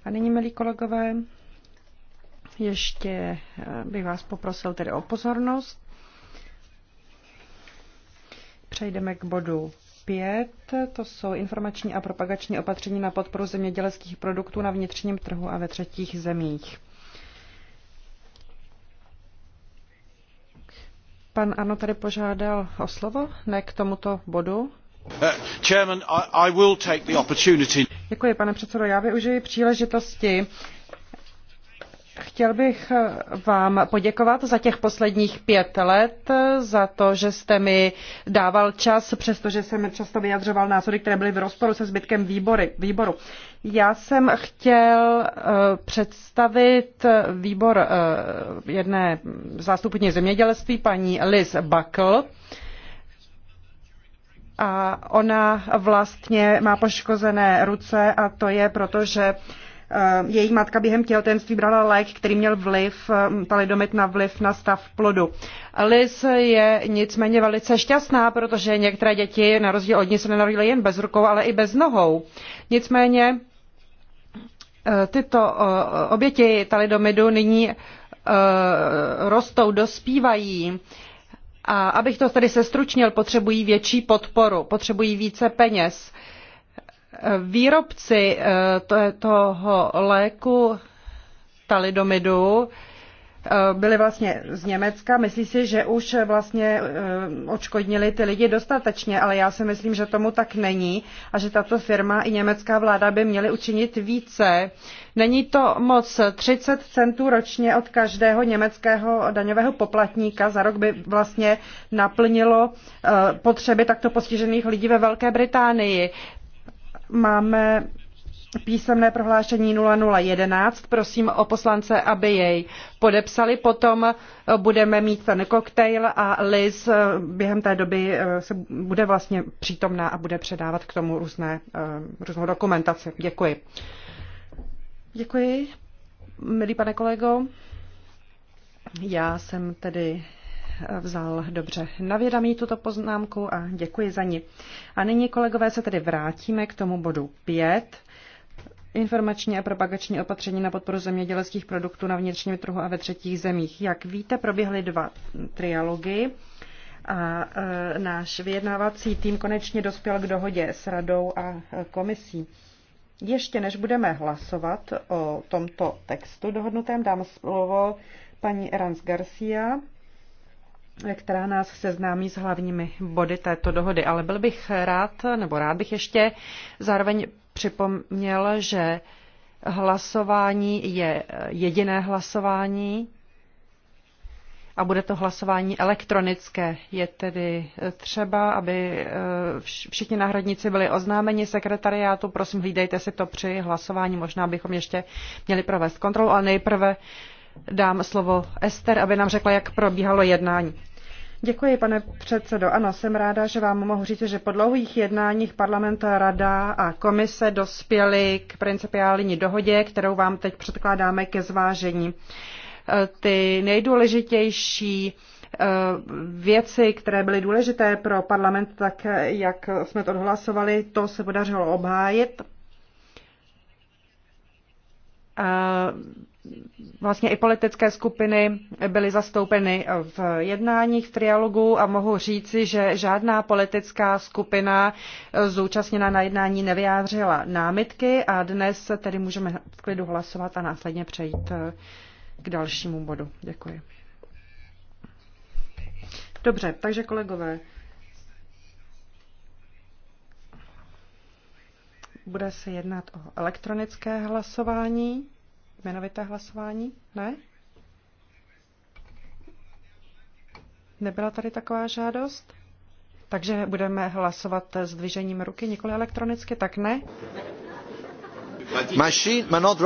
A nyní, milí kolegové, ještě eh, bych vás poprosil tedy o pozornost. Přejdeme k bodu 5. To jsou informační a propagační opatření na podporu zemědělských produktů na vnitřním trhu a ve třetích zemích. Pan Ano tady požádal o slovo, ne k tomuto bodu. Uh, Děkuji, pane předsedo. Já využiji příležitosti Chtěl bych eh, vám poděkovat za těch posledních pět let, eh, za to, že jste mi dával čas, přestože jsem často vyjadřoval názory, které byly v rozporu se zbytkem výbory, výboru. Já jsem chtěl eh, představit výbor jedné zástupně zemědělství, paní Liz Buckle, a ona vlastně má poškozené ruce a to je proto, že Eh, její matka během těhotenství brala lék, který měl vliv, eh, talidomit na vliv na stav plodu. Liz je nicméně velice šťastná, protože některé děti na rozdíl od ní se nenarodily jen bez rukou, ale i bez nohou. Nicméně eh, tyto oběti talidomidu nyní rostou, dospívají. A abych to tady sestručnil, potřebují větší podporu, potřebují více peněz. Uh, výrobci eh, toho léku talidomidu eh, byli vlastně z Německa. Myslí si, že už vlastně eh, očkodnili ty lidi dostatečně, ale já si myslím, že tomu tak není a že tato firma i německá vláda by měly učinit více. Není to moc 30 centů ročně od každého německého daňového poplatníka za rok by vlastně naplnilo potřeby takto postižených lidí ve Velké Británii máme písemné prohlášení 0011. Prosím o poslance, aby jej podepsali. Potom eh, budeme mít ten koktejl a Liz eh, během té doby eh, se bude vlastně přítomná a bude předávat k tomu různé, různou dokumentaci. Děkuji. Děkuji, milý pane kolego. Já jsem tedy vzal dobře na vědomí tuto poznámku a děkuji za ní. A nyní, kolegové, se tedy vrátíme k tomu bodu 5. Informační a propagační opatření na podporu zemědělských produktů na vnitřním trhu a ve třetích zemích. Jak víte, proběhly dva trialogy a e, náš vyjednávací tým konečně dospěl k dohodě s radou a e, komisí. Ještě než budeme hlasovat o tomto textu dohodnutém, dám slovo paní Erans Garcia, která nás seznámí s hlavními body této dohody. Ale byl bych rád, nebo rád bych ještě zároveň připomněl, že hlasování je jediné hlasování a bude to hlasování elektronické. Je tedy třeba, aby eh, všichni náhradníci byli oznámeni sekretariátu. Prosím, hlídejte si to při hlasování. Možná bychom ještě měli provést kontrolu, ale nejprve dám slovo Ester, aby nám řekla, jak probíhalo jednání. Děkuji, pane předsedo. Ano, jsem ráda, že vám mohu říct, že po dlouhých jednáních parlament, rada a komise dospěly k principiální dohodě, kterou vám teď předkládáme ke zvážení. E, ty nejdůležitější e, věci, které byly důležité pro parlament, tak jak jsme to odhlasovali, to se podařilo obhájit. A e, vlastně i politické skupiny byly zastoupeny v jednáních, v trialogu a mohu říci, že žádná politická skupina zúčastněná na jednání nevyjádřila námitky a dnes tedy můžeme v klidu hlasovat a následně přejít k dalšímu bodu. Děkuji. Dobře, takže kolegové, bude se jednat o elektronické hlasování jmenovité hlasování? Ne? Nebyla tady taková žádost? Takže budeme hlasovat s dvižením ruky, nikoli elektronicky, tak ne? Machine, ma not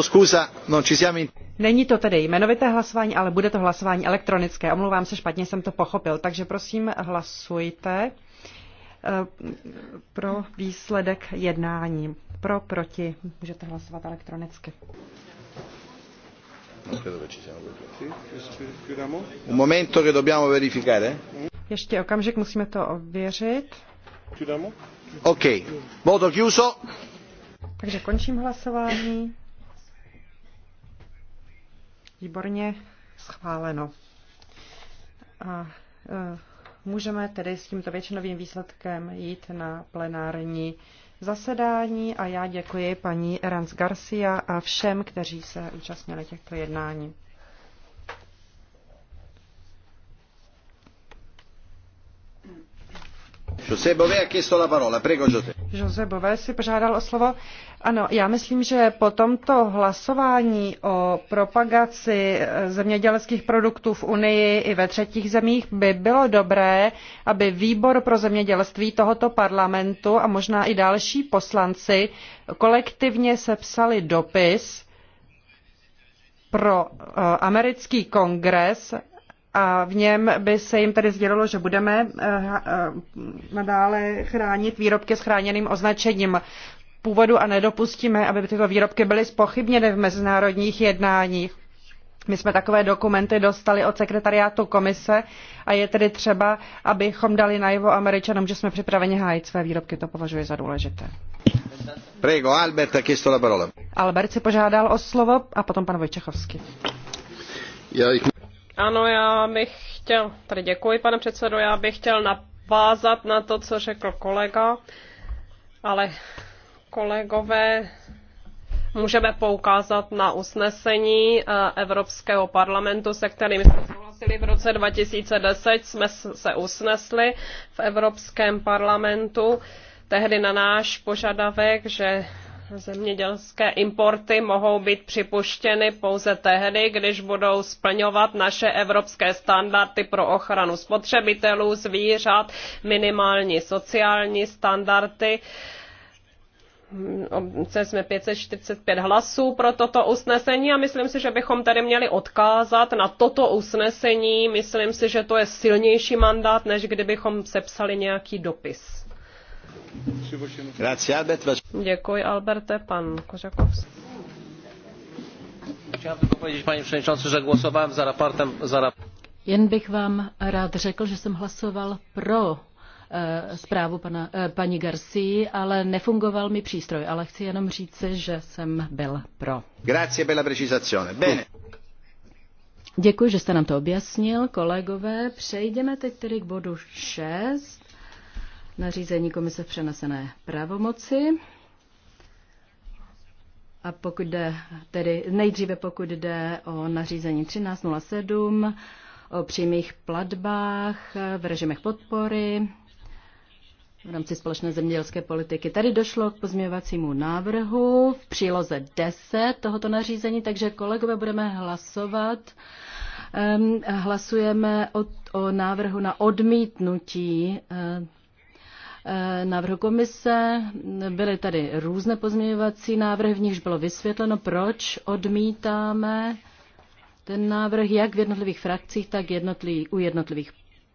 scusa, non ci Není to tedy jmenovité hlasování, ale bude to hlasování elektronické. Omlouvám se, špatně jsem to pochopil. Takže prosím, hlasujte. Eh, pro výsledek jednání. Pro, proti. Můžete hlasovat elektronicky. Un momento che dobbiamo verificare. Ještě okamžik, musíme to ověřit. OK. Voto chiuso. Takže končím hlasování. Výborně schváleno. A, uh, Můžeme tedy s tímto většinovým výsledkem jít na plenární zasedání a já děkuji paní Erans Garcia a všem, kteří se účastnili těchto jednání. José Bové ha chiesto la parola. Prego, José. Jose Bové si požádal o slovo. Ano, já myslím, že po tomto hlasování o propagaci eh, zemědělských produktů v Unii i ve třetích zemích by bylo dobré, aby výbor pro zemědělství tohoto parlamentu a možná i další poslanci kolektivně sepsali dopis pro eh, americký kongres a v něm by se jim tedy sdělilo, že budeme eh, eh, nadále chránit výrobky s chráněným označením původu a nedopustíme, aby tyto výrobky byly spochybněny v mezinárodních jednáních. My jsme takové dokumenty dostali od sekretariátu komise a je tedy třeba, abychom dali najevo američanům, že jsme připraveni hájit své výrobky. To považuji za důležité. Prego, Albert, la Albert si požádal o slovo a potom pan Vojčechovský. Já ano, já bych chtěl, tady děkuji pane předsedo, já bych chtěl navázat na to, co řekl kolega, ale kolegové, můžeme poukázat na usnesení eh, Evropského parlamentu, se kterým jsme souhlasili v roce 2010, jsme se usnesli v Evropském parlamentu tehdy na náš požadavek, že zemědělské importy mohou být připuštěny pouze tehdy, když budou splňovat naše evropské standardy pro ochranu spotřebitelů, zvířat, minimální sociální standardy obce jsme 545 hlasů pro toto usnesení a myslím si, že bychom tady měli odkázat na toto usnesení. Myslím si, že to je silnější mandát, než kdybychom sepsali nějaký dopis. Děkuji, Alberte. Pan Kořakovský. Chciałem tylko powiedzieć, panie przewodniczący, że głosowałem za raportem. Za rap Jen bych vám rád řekl, že jsem hlasoval pro e, zprávu pana, e, paní Garcí, ale nefungoval mi přístroj. Ale chci jenom říci, že jsem byl pro. Grazie per la precisazione. Bene. Děkuji, že jste nám to objasnil, kolegové. Přejdeme teď tedy k bodu 6 nařízení komise v přenesené pravomoci. A pokud jde, tedy nejdříve pokud jde o nařízení 1307, o přímých platbách v režimech podpory v rámci společné zemědělské politiky. Tady došlo k pozměňovacímu návrhu v příloze 10 tohoto nařízení, takže kolegové budeme hlasovat. Hlasujeme o, o návrhu na odmítnutí Eh, návrhu komise. Byly tady různé pozměňovací návrhy, v nichž bylo vysvětleno, proč odmítáme ten návrh jak v jednotlivých frakcích, tak jednotlivý, u jednotlivých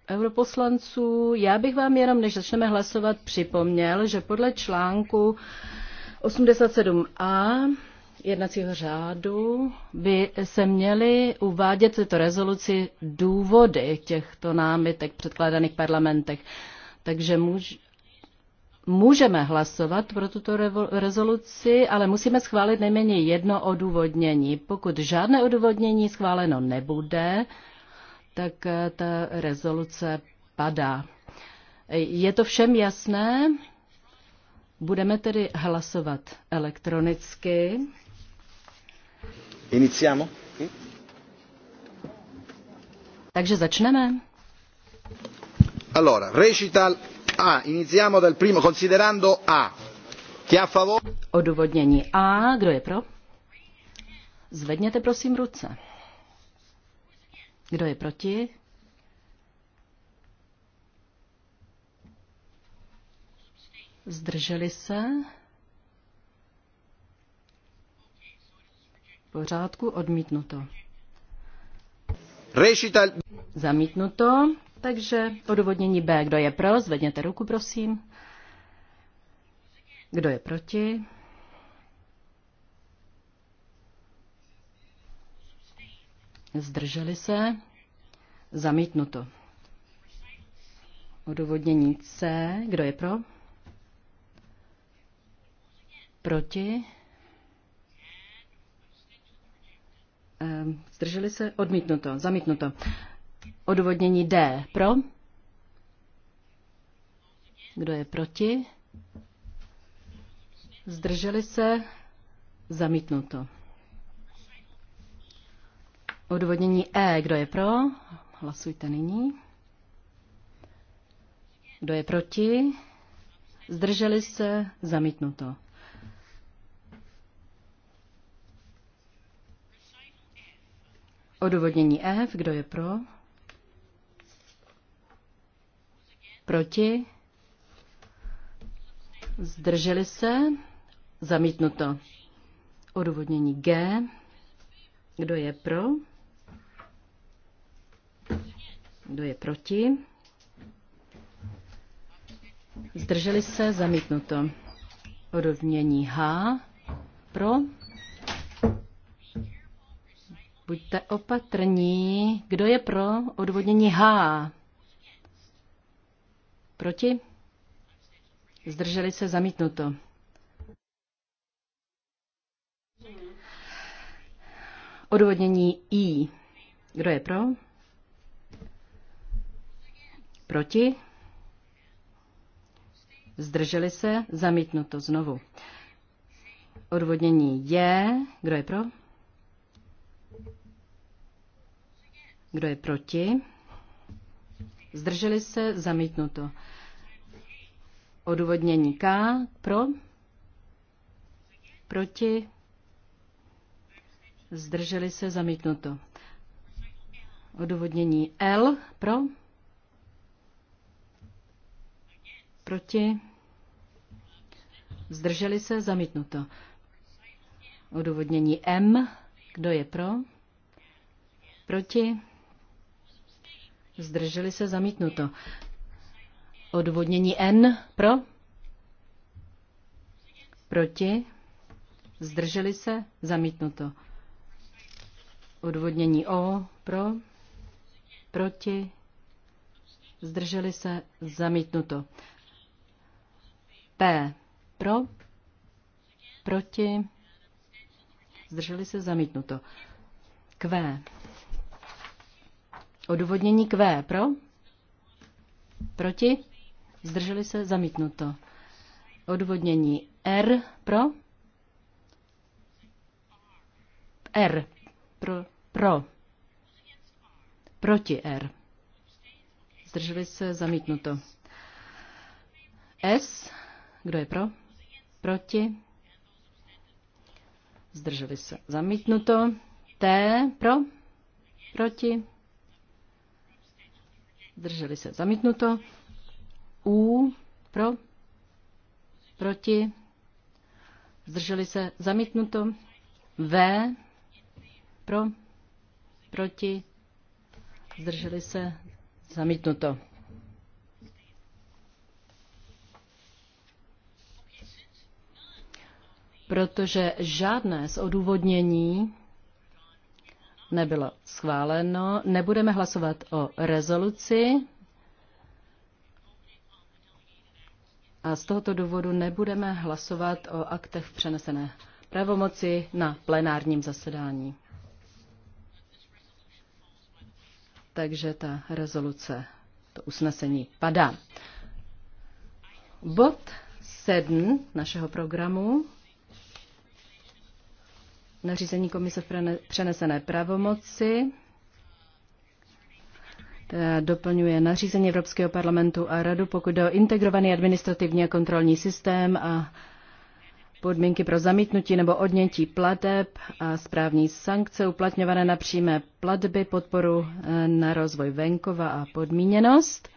europoslanců. Já bych vám jenom, než začneme hlasovat, připomněl, že podle článku 87a jednacího řádu by se měly uvádět tyto rezoluci důvody těchto námitek předkládaných parlamentech. Takže můž můžeme hlasovat pro tuto rezoluci, ale musíme schválit nejméně jedno odůvodnění. Pokud žádné odůvodnění schváleno nebude, tak eh, ta rezoluce padá. Je to všem jasné? Budeme tedy hlasovat elektronicky. Iniciamo. Takže začneme. Allora, recital a. Iniziamo dal primo, considerando A. Chi a favore? Odůvodnění A. Kdo je pro? Zvedněte prosím ruce. Kdo je proti? Zdrželi se? V pořádku, odmítnuto. Recital. Zamítnuto. Takže odůvodnění B. Kdo je pro? Zvedněte ruku, prosím. Kdo je proti? Zdrželi se? Zamítnuto. Odůvodnění C. Kdo je pro? Proti? Ehm, zdrželi se? Odmítnuto. Zamítnuto. Odvodnění D pro. Kdo je proti? Zdrželi se? Zamítnuto. Odvodnění E. Kdo je pro? Hlasujte nyní. Kdo je proti? Zdrželi se? Zamítnuto. Odvodnění F. Kdo je pro? Proti? Zdrželi se? Zamítnuto. Odůvodnění G. Kdo je pro? Kdo je proti? Zdrželi se? Zamítnuto. Odůvodnění H. Pro? Buďte opatrní. Kdo je pro odvodnění H? Proti? Zdrželi se zamítnuto. Odvodnění I. Kdo je pro? Proti? Zdrželi se? Zamítnuto znovu. Odvodnění je. Kdo je pro? Kdo je proti? Zdrželi se? Zamítnuto. Odůvodnění K pro, proti, zdrželi se zamítnuto. Odůvodnění L pro, proti, zdrželi se zamítnuto. Odůvodnění M, kdo je pro, proti, zdrželi se zamítnuto. Odvodnění N pro? Proti? Zdrželi se? Zamítnuto. Odvodnění O pro? Proti? Zdrželi se? Zamítnuto. P pro? Proti? Zdrželi se? Zamítnuto. Q. Odvodnění Q pro? Proti? zdrželi se, zamítnuto. Odvodnění R pro? R pro, pro. Proti R. Zdrželi se, zamítnuto. S, kdo je pro? Proti. Zdrželi se, zamítnuto. T pro? Proti. Zdrželi se, zamítnuto. U pro, proti, zdrželi se zamítnuto, V pro, proti, zdrželi se zamítnuto. Protože žádné z odůvodnění nebylo schváleno, nebudeme hlasovat o rezoluci A z tohoto důvodu nebudeme hlasovat o aktech přenesené pravomoci na plenárním zasedání. Takže ta rezoluce, to usnesení padá. Bod 7 našeho programu nařízení komise v přenesené pravomoci Eh, doplňuje nařízení Evropského parlamentu a radu, pokud jde o integrovaný administrativní a kontrolní systém a podmínky pro zamítnutí nebo odnětí plateb a správní sankce uplatňované na přímé platby, podporu eh, na rozvoj venkova a podmíněnost.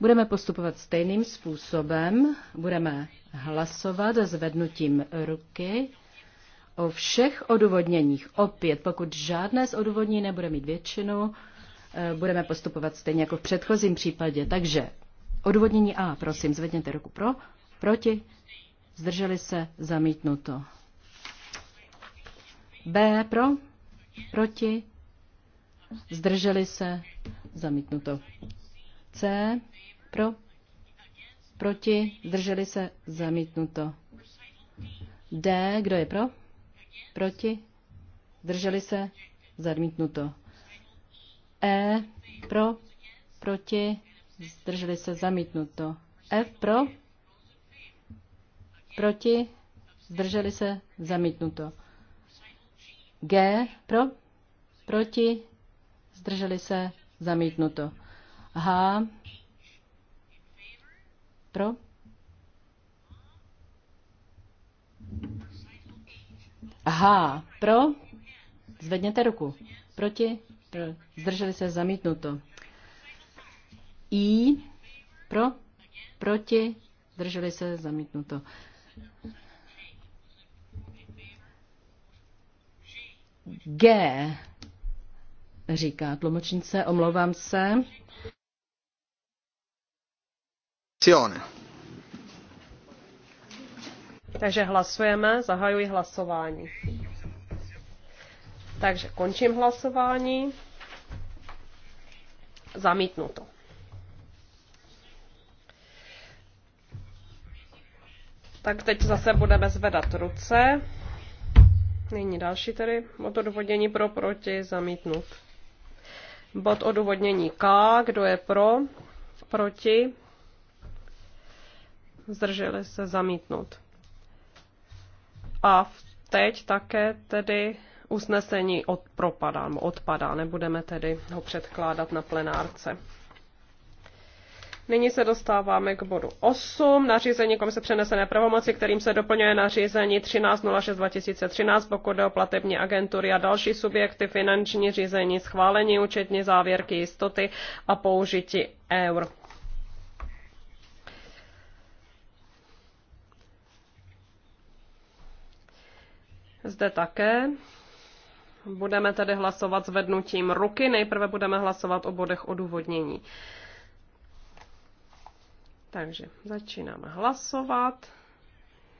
Budeme postupovat stejným způsobem. Budeme hlasovat zvednutím ruky o všech odůvodněních. Opět, pokud žádné z odůvodní nebude mít většinu, Eh, budeme postupovat stejně jako v předchozím případě. Takže odvodnění A, prosím, zvedněte ruku pro, proti, zdrželi se, zamítnuto. B pro, proti, zdrželi se, zamítnuto. C pro, proti, zdrželi se, zamítnuto. D, kdo je pro? Proti, zdrželi se, zamítnuto. E pro, proti, zdrželi se zamítnuto. F pro, proti, zdrželi se zamítnuto. G pro, proti, zdrželi se zamítnuto. H pro, H pro, zvedněte ruku. Proti, zdrželi se zamítnuto. I pro, proti, zdrželi se zamítnuto. G, říká tlumočnice, omlouvám se. Sione. Takže hlasujeme, zahajuji hlasování. Takže končím hlasování. Zamítnuto. Tak teď zase budeme zvedat ruce. Nyní další tedy. Bod odůvodnění pro, proti, zamítnut. Bod odůvodnění K. Kdo je pro, proti, zdrželi se zamítnout. A teď také tedy usnesení odpropadá, odpadá, nebudeme tedy ho předkládat na plenárce. Nyní se dostáváme k bodu 8, nařízení komise přenesené pravomoci, kterým se doplňuje nařízení 13.06.2013 pokud jde o platební agentury a další subjekty, finanční řízení, schválení účetní závěrky jistoty a použití eur. Zde také Budeme tedy hlasovat zvednutím ruky. Nejprve budeme hlasovat o bodech odůvodnění. Takže začínáme hlasovat.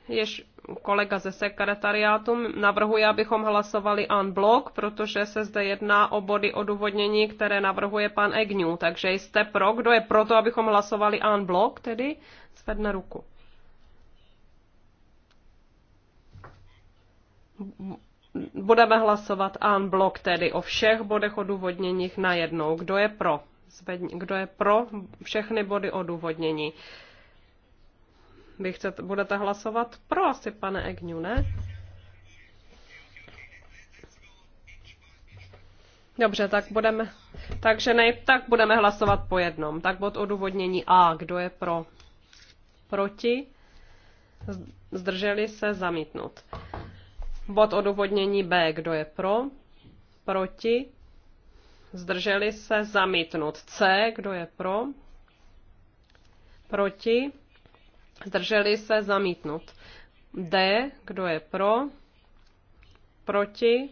Jež kolega ze sekretariátu navrhuje, abychom hlasovali en blok, protože se zde jedná o body odůvodnění, které navrhuje pan Egňů. Takže jste pro. Kdo je pro to, abychom hlasovali en blok, tedy zvedne ruku. Budeme hlasovat en blok, tedy o všech bodech odůvodněních najednou. Kdo je pro? Kdo je pro všechny body odůvodnění? Vy chcete, budete hlasovat pro asi, pane Egňu, ne? Dobře, tak budeme, takže nej, tak budeme hlasovat po jednom. Tak bod odůvodnění A. Kdo je pro? Proti? Zdrželi se zamítnout. Bod odůvodnění B. Kdo je pro? Proti? Zdrželi se zamítnout. C. Kdo je pro? Proti? Zdrželi se zamítnout. D. Kdo je pro? Proti?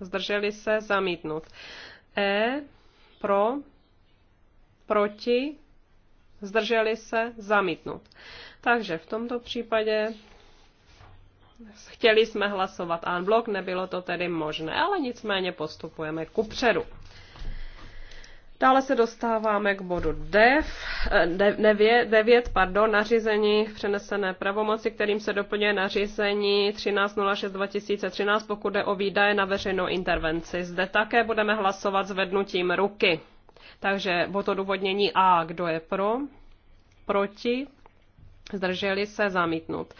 Zdrželi se zamítnout. E. Pro? Proti? Zdrželi se zamítnout. Takže v tomto případě Chtěli jsme hlasovat blok, nebylo to tedy možné, ale nicméně postupujeme ku předu. Dále se dostáváme k bodu DEV, 9, eh, 9 pardon, nařízení přenesené pravomoci, kterým se doplňuje nařízení 1306-2013, pokud jde o výdaje na veřejnou intervenci. Zde také budeme hlasovat zvednutím ruky. Takže bod důvodnění A, kdo je pro, proti, zdrželi se, zamítnut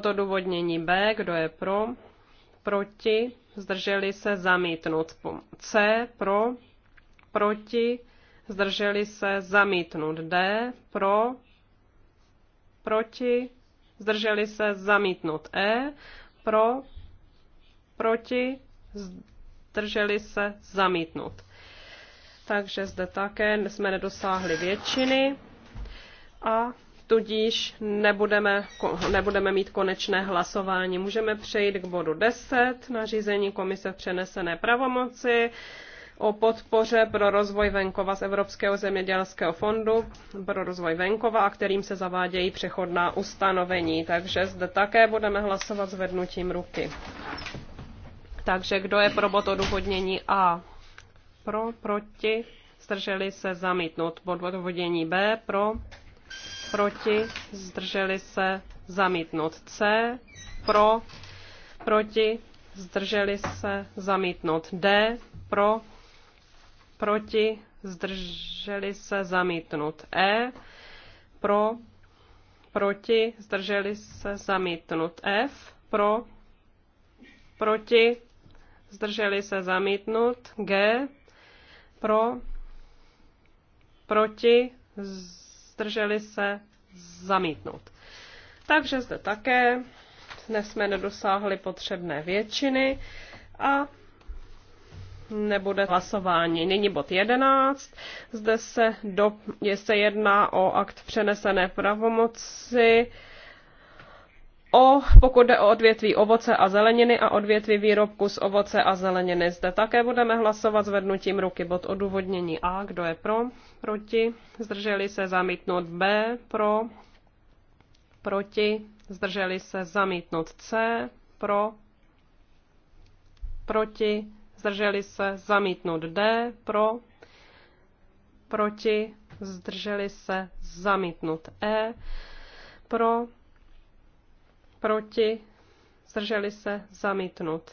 to důvodnění B, kdo je pro, proti, zdrželi se zamítnout. C pro, proti, zdrželi se zamítnout. D pro, proti, zdrželi se zamítnout. E pro, proti, zdrželi se zamítnout. Takže zde také jsme nedosáhli většiny a tudíž nebudeme, nebudeme mít konečné hlasování. Můžeme přejít k bodu 10, nařízení komise v přenesené pravomoci o podpoře pro rozvoj venkova z Evropského zemědělského fondu pro rozvoj venkova, a kterým se zavádějí přechodná ustanovení. Takže zde také budeme hlasovat vednutím ruky. Takže kdo je pro bod odůvodnění A? Pro, proti, zdrželi se zamítnout. Bod odůvodnění B, pro, proti, zdrželi se, zamítnout C, pro, proti, zdrželi se, zamítnout D, pro, proti, zdrželi se, zamítnout E, pro, proti, zdrželi se, zamítnout F, pro, proti, zdrželi se, zamítnout G, pro, proti, z zdrželi se, zamítnout. Takže zde také dnes jsme nedosáhli potřebné většiny a nebude hlasování. Nyní bod 11. Zde se, do, je se jedná o akt přenesené pravomoci o, pokud jde o odvětví ovoce a zeleniny a odvětví výrobku z ovoce a zeleniny. Zde také budeme hlasovat zvednutím ruky bod odůvodnění A. Kdo je pro? Proti? Zdrželi se zamítnout B? Pro? Proti? Zdrželi se zamítnout C? Pro? Proti? Zdrželi se zamítnout D? Pro? Proti? Zdrželi se zamítnout E? Pro? proti, zdrželi se, zamítnut.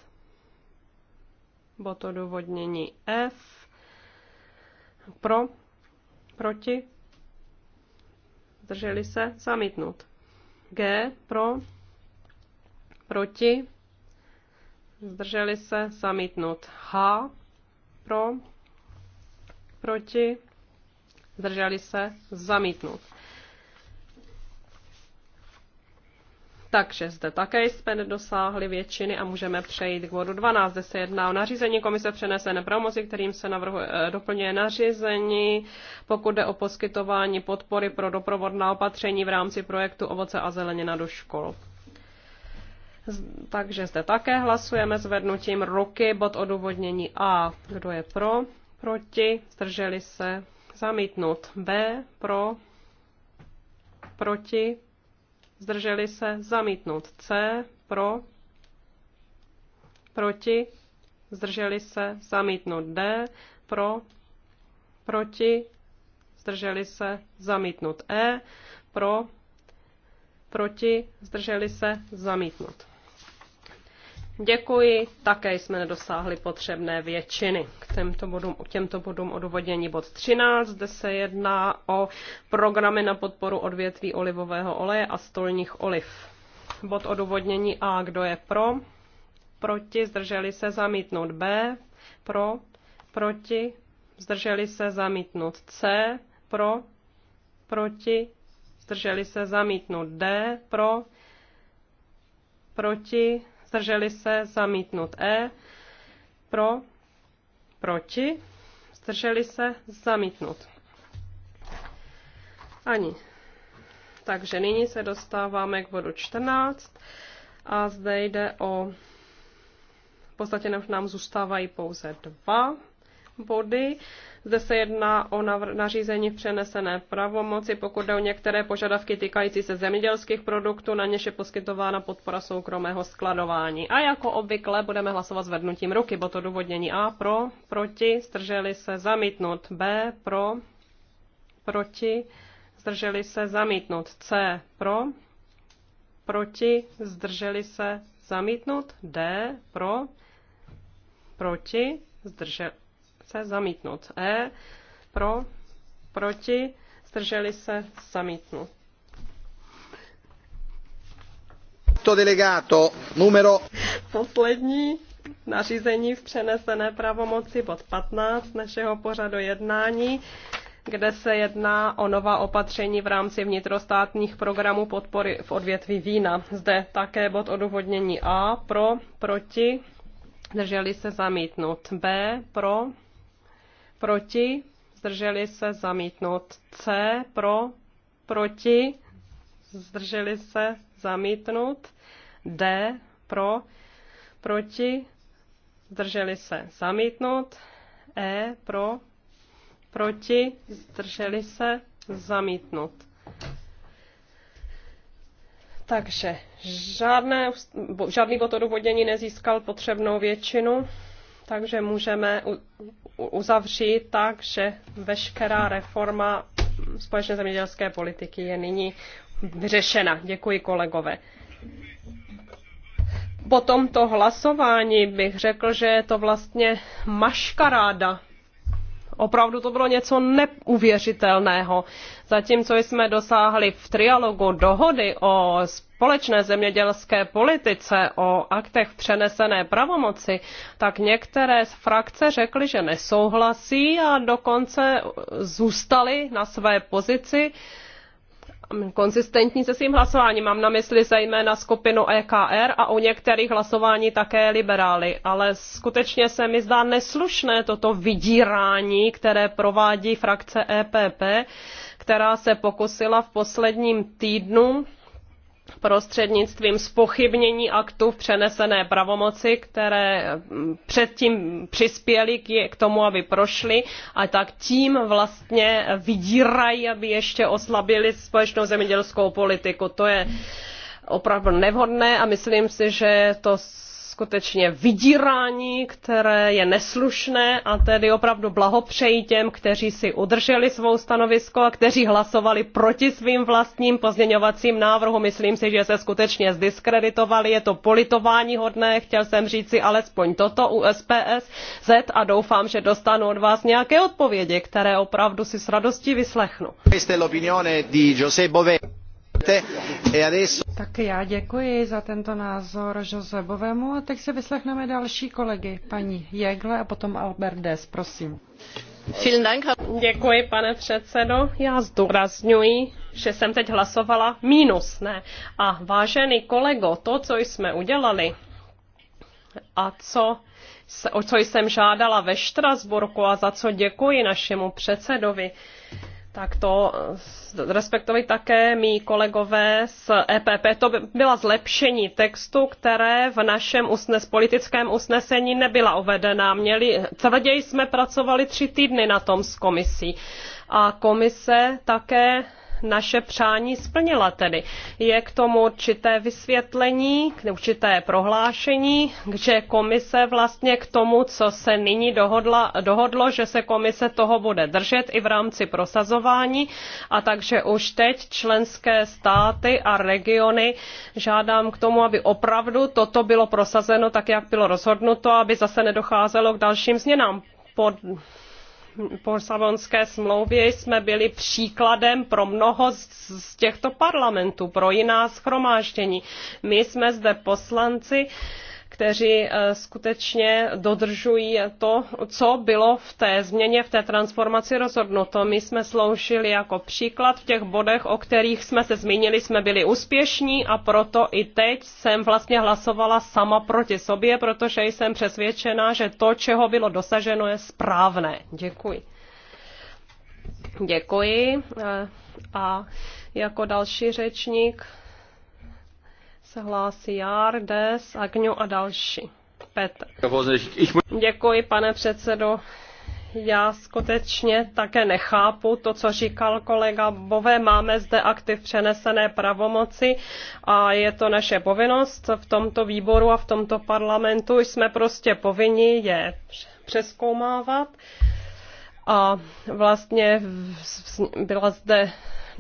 Boto odůvodnění F, pro, proti, zdrželi se, zamítnut. G, pro, proti, zdrželi se, zamítnut. H, pro, proti, zdrželi se, zamítnut. Takže zde také jsme nedosáhli většiny a můžeme přejít k bodu 12, Zde se jedná o nařízení komise přenesené pravomoci, kterým se navrhuje, eh, doplňuje nařízení, pokud jde o poskytování podpory pro doprovodná opatření v rámci projektu Ovoce a zelenina do škol. Takže zde také hlasujeme zvednutím ruky bod odůvodnění A. Kdo je pro? Proti? Zdrželi se? Zamítnut. B. Pro? Proti? zdrželi se, zamítnout. C, pro, proti, zdrželi se, zamítnout. D, pro, proti, zdrželi se, zamítnout. E, pro, proti, zdrželi se, zamítnout. Děkuji, také jsme nedosáhli potřebné většiny. K těmto bodům, k těmto bodům odvodění bod 13, zde se jedná o programy na podporu odvětví olivového oleje a stolních oliv. Bod odůvodnění A, kdo je pro? Proti, zdrželi se zamítnout B, pro, proti, zdrželi se zamítnout C, pro, proti, zdrželi se zamítnout D, pro, proti, zdrželi se, zamítnut E, pro, proti, zdrželi se, zamítnut. Ani. Takže nyní se dostáváme k bodu 14 a zde jde o, v podstatě nám zůstávají pouze dva body. Zde se jedná o nařízení v přenesené pravomoci, pokud jde o některé požadavky týkající se zemědělských produktů, na něž je poskytována podpora soukromého skladování. A jako obvykle budeme hlasovat zvednutím ruky, bo to důvodnění A pro, proti, zdrželi se zamítnout B pro, proti, zdrželi se zamítnout C pro, proti, zdrželi se zamítnout D pro, proti, zdrželi se zamítnout. E pro, proti, zdrželi se zamítnout. delegato numero... Poslední nařízení v přenesené pravomoci bod 15 našeho pořadu jednání kde se jedná o nová opatření v rámci vnitrostátních programů podpory v odvětví vína. Zde také bod odůvodnění A pro, proti, drželi se zamítnout. B pro, proti, zdrželi se zamítnout. C pro, proti, zdrželi se zamítnout. D pro, proti, zdrželi se zamítnout. E pro, proti, zdrželi se zamítnout. Takže žádné, žádný bod odůvodnění nezískal potřebnou většinu. Takže můžeme uzavřít tak, že veškerá reforma společné zemědělské politiky je nyní vyřešena. Děkuji kolegové. Po tomto hlasování bych řekl, že je to vlastně maškaráda. Opravdu to bylo něco neuvěřitelného. Zatímco jsme dosáhli v trialogu dohody o společnosti, společné zemědělské politice, o aktech přenesené pravomoci, tak některé z frakce řekly, že nesouhlasí a dokonce zůstaly na své pozici konzistentní se svým hlasováním. Mám na mysli zejména skupinu EKR a u některých hlasování také liberály. Ale skutečně se mi zdá neslušné toto vydírání, které provádí frakce EPP, která se pokusila v posledním týdnu prostřednictvím spochybnění aktů v přenesené pravomoci, které mm, předtím přispěly k tomu, aby prošly a tak tím vlastně vydírají, aby ještě oslabili společnou zemědělskou politiku. To je opravdu nevhodné a myslím si, že to skutečně vydírání, které je neslušné a tedy opravdu blahopřeji těm, kteří si udrželi svou stanovisko a kteří hlasovali proti svým vlastním pozměňovacím návrhům. Myslím si, že se skutečně zdiskreditovali, je to politování hodné, chtěl jsem říci alespoň toto u SPS Z a doufám, že dostanu od vás nějaké odpovědi, které opravdu si s radostí vyslechnu. E tak já děkuji za tento názor Josebovému a teď se vyslechneme další kolegy, paní Jegle a potom Albert Des, prosím. Děkuji, pane předsedo. Já zdůrazňuji, že jsem teď hlasovala mínus, ne. A vážený kolego, to, co jsme udělali a co, o co jsem žádala ve Štrasburku a za co děkuji našemu předsedovi, tak to eh, respektovali také mý kolegové z EPP. To byla zlepšení textu, které v našem usnes, politickém usnesení nebyla uvedena. Měli, tvrději jsme pracovali tři týdny na tom s komisí. A komise také naše přání splnila tedy. Je k tomu určité vysvětlení, určité prohlášení, že komise vlastně k tomu, co se nyní dohodla, dohodlo, že se komise toho bude držet i v rámci prosazování a takže už teď členské státy a regiony žádám k tomu, aby opravdu toto bylo prosazeno tak, jak bylo rozhodnuto, aby zase nedocházelo k dalším změnám. Pod, po Savonské smlouvě jsme byli příkladem pro mnoho z těchto parlamentů, pro jiná shromáždění. My jsme zde poslanci, kteří eh, skutečně dodržují to, co bylo v té změně, v té transformaci rozhodnuto. My jsme sloužili jako příklad v těch bodech, o kterých jsme se zmínili, jsme byli úspěšní a proto i teď jsem vlastně hlasovala sama proti sobě, protože jsem přesvědčena, že to, čeho bylo dosaženo, je správné. Děkuji. Děkuji. Eh, a jako další řečník se hlásí Jár, Des, Agňo a další. Petr. Děkuji, pane předsedo. Já skutečně také nechápu to, co říkal kolega Bové. Máme zde aktiv přenesené pravomoci a je to naše povinnost v tomto výboru a v tomto parlamentu. Jsme prostě povinni je přeskoumávat. A vlastně byla zde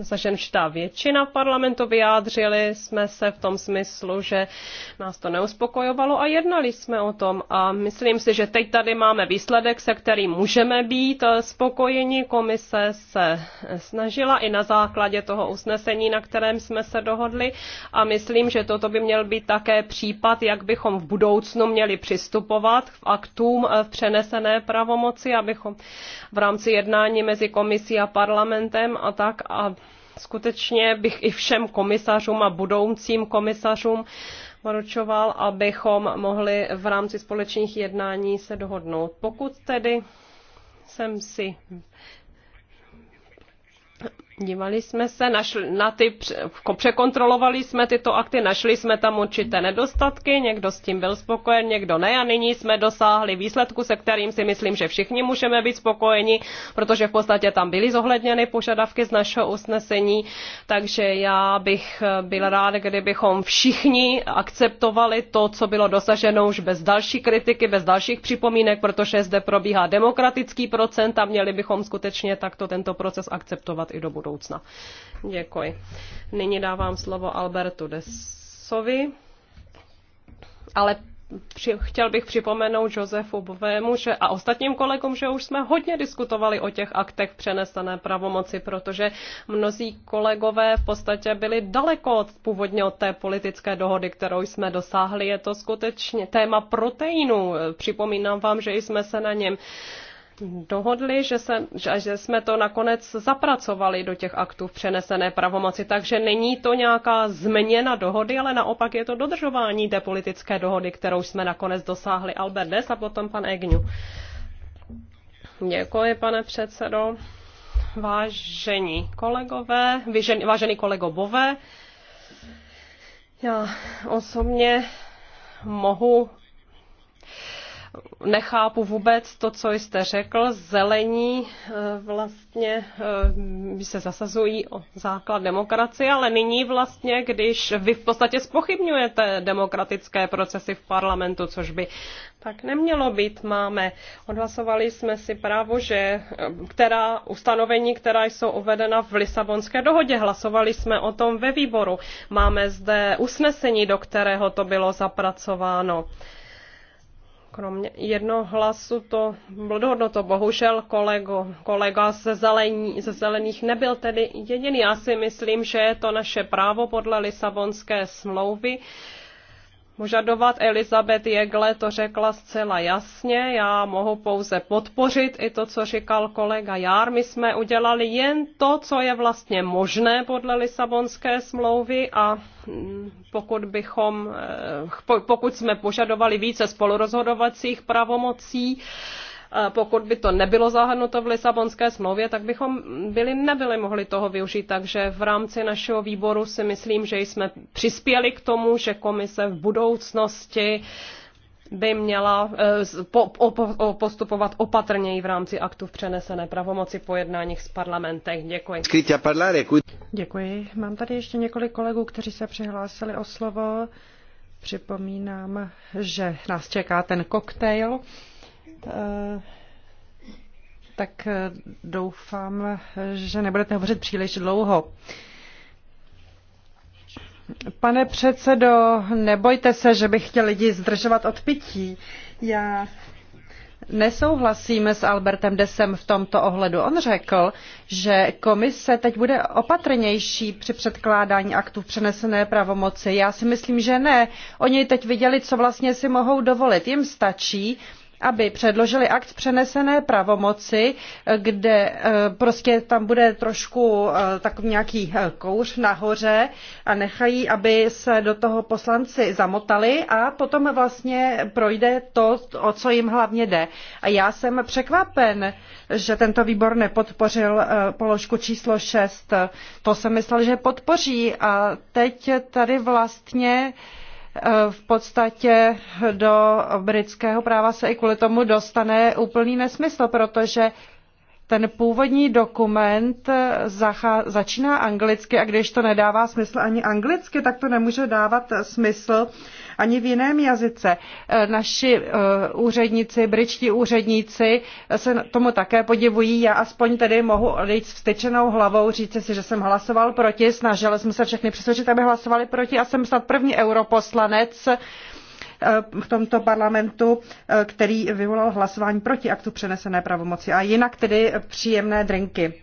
zaženčtá většina parlamentu. Vyjádřili jsme se v tom smyslu, že nás to neuspokojovalo a jednali jsme o tom. A myslím si, že teď tady máme výsledek, se kterým můžeme být spokojeni. Komise se snažila i na základě toho usnesení, na kterém jsme se dohodli. A myslím, že toto by měl být také případ, jak bychom v budoucnu měli přistupovat v aktům v přenesené pravomoci, abychom v rámci jednání mezi komisí a parlamentem a tak, a skutečně bych i všem komisařům a budoucím komisařům poručoval, abychom mohli v rámci společných jednání se dohodnout. Pokud tedy jsem si Dívali jsme se našli, na ty, překontrolovali jsme tyto akty, našli jsme tam určité nedostatky, někdo s tím byl spokojen, někdo ne a nyní jsme dosáhli výsledku, se kterým si myslím, že všichni můžeme být spokojeni, protože v podstatě tam byly zohledněny požadavky z našeho usnesení, takže já bych eh, byl rád, kdybychom všichni akceptovali to, co bylo dosaženo už bez další kritiky, bez dalších připomínek, protože zde probíhá demokratický proces a měli bychom skutečně takto tento proces akceptovat i do budoucna budoucna. Děkuji. Nyní dávám slovo Albertu Desovi, ale při, chtěl bych připomenout Josefu Bovému že, a ostatním kolegům, že už jsme hodně diskutovali o těch aktech přenesené pravomoci, protože mnozí kolegové v podstatě byli daleko od, původně od té politické dohody, kterou jsme dosáhli. Je to skutečně téma proteinu. Připomínám vám, že jsme se na něm dohodli, že, se, že, že jsme to nakonec zapracovali do těch aktů v přenesené pravomoci, takže není to nějaká změna dohody, ale naopak je to dodržování té politické dohody, kterou jsme nakonec dosáhli Albert Des a potom pan Egňu. Děkuji, pane předsedo. Vážení kolegové, vyžený, vážený kolego Bové, já osobně mohu nechápu vůbec to, co jste řekl. Zelení eh, vlastně eh, se zasazují o základ demokracie, ale nyní vlastně, když vy v podstatě spochybňujete demokratické procesy v parlamentu, což by tak nemělo být, máme. Odhlasovali jsme si právo, že eh, která ustanovení, která jsou uvedena v Lisabonské dohodě, hlasovali jsme o tom ve výboru. Máme zde usnesení, do kterého to bylo zapracováno. Kromě jednoho hlasu to bylo to Bohužel kolego, kolega ze, zelení, ze zelených nebyl tedy jediný. Já si myslím, že je to naše právo podle Lisabonské smlouvy požadovat. Elizabeth Jegle to řekla zcela jasně, já mohu pouze podpořit i to, co říkal kolega Jár. My jsme udělali jen to, co je vlastně možné podle Lisabonské smlouvy a mm, pokud bychom, eh, pokud jsme požadovali více spolurozhodovacích pravomocí, pokud by to nebylo zahrnuto v Lisabonské smlouvě, tak bychom byli nebyli mohli toho využít. Takže v rámci našeho výboru si myslím, že jsme přispěli k tomu, že komise v budoucnosti by měla e, postupovat opatrněji v rámci aktu v přenesené pravomoci po jednáních s parlamentech. Děkuji. Děkuji. Mám tady ještě několik kolegů, kteří se přihlásili o slovo. Připomínám, že nás čeká ten koktejl. Eh, tak eh, doufám, že nebudete hovořit příliš dlouho. Pane předsedo, nebojte se, že bych chtěl lidi zdržovat od pití. Já nesouhlasím s Albertem Desem v tomto ohledu. On řekl, že komise teď bude opatrnější při předkládání aktů v přenesené pravomoci. Já si myslím, že ne. Oni teď viděli, co vlastně si mohou dovolit. Jim stačí, aby předložili akt přenesené pravomoci, kde eh, prostě tam bude trošku eh, takový nějaký eh, kouř nahoře a nechají, aby se do toho poslanci zamotali a potom vlastně projde to, o co jim hlavně jde. A já jsem překvapen, že tento výbor nepodpořil položku číslo 6. To jsem myslel, že podpoří a teď tady vlastně v podstatě do britského práva se i kvůli tomu dostane úplný nesmysl, protože ten původní dokument začíná anglicky a když to nedává smysl ani anglicky, tak to nemůže dávat smysl ani v jiném jazyce. E, naši e, úředníci, britští úředníci se tomu také podivují. Já aspoň tedy mohu odejít s vstyčenou hlavou, říci si, že jsem hlasoval proti, snažil jsem se všechny přesvědčit, aby hlasovali proti a jsem snad první europoslanec, v tomto parlamentu, eh, který vyvolal hlasování proti aktu přenesené pravomoci. A jinak tedy příjemné drinky.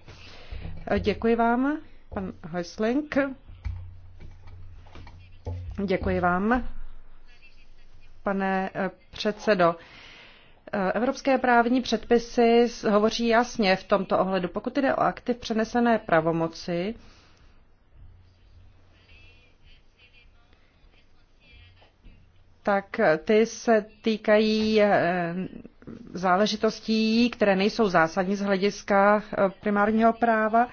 Eh, děkuji vám, pan Heusling. Děkuji vám, pane eh, předsedo. Evropské právní předpisy hovoří jasně v tomto ohledu. Pokud jde o aktiv přenesené pravomoci, tak ty se týkají eh, záležitostí, které nejsou zásadní z hlediska eh, primárního práva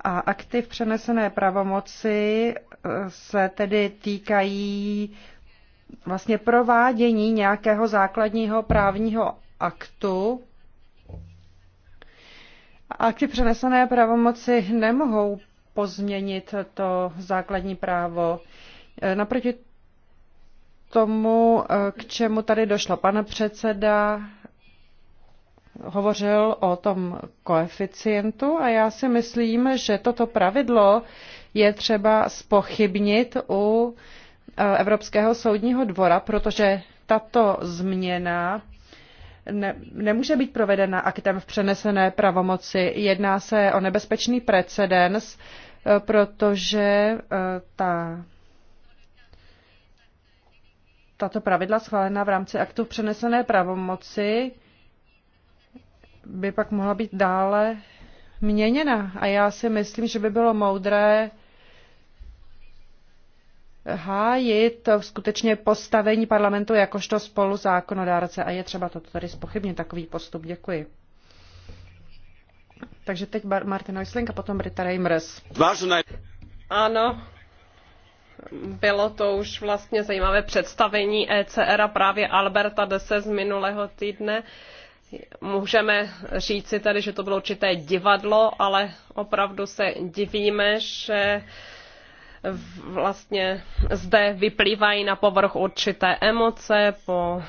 a aktiv přenesené pravomoci eh, se tedy týkají vlastně provádění nějakého základního právního aktu. Aktiv přenesené pravomoci nemohou pozměnit to základní právo. Naproti tomu, eh, k čemu tady došlo. Pan předseda hovořil o tom koeficientu a já si myslím, že toto pravidlo je třeba spochybnit u eh, Evropského soudního dvora, protože tato změna ne, nemůže být provedena aktem v přenesené pravomoci. Jedná se o nebezpečný precedens, eh, protože ta tato pravidla schválená v rámci aktu přenesené pravomoci by pak mohla být dále měněna. A já si myslím, že by bylo moudré hájit skutečně postavení parlamentu jakožto spolu zákonodárce a je třeba toto tady spochybnit, takový postup. Děkuji. Takže teď Martin Oisling a potom Brita Reimers. Vážené. Ano, bylo to už vlastně zajímavé představení ECR a právě Alberta Dese z minulého týdne. Můžeme říci tady, že to bylo určité divadlo, ale opravdu se divíme, že vlastně zde vyplývají na povrch určité emoce po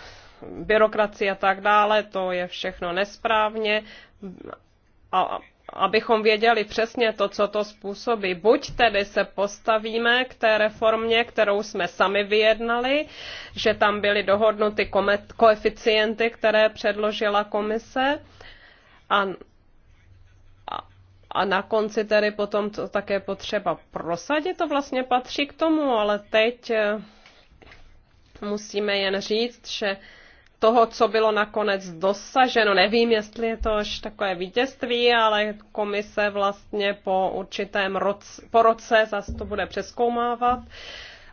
byrokracii a tak dále, to je všechno nesprávně. A abychom věděli přesně to, co to způsobí. Buď tedy se postavíme k té reformě, kterou jsme sami vyjednali, že tam byly dohodnuty koeficienty, které předložila komise, a, a, na konci tedy potom to také potřeba prosadit, to vlastně patří k tomu, ale teď eh, musíme jen říct, že toho, co bylo nakonec dosaženo. Nevím, jestli je to až takové vítězství, ale komise vlastně po určitém roce, po roce zase to bude přeskoumávat.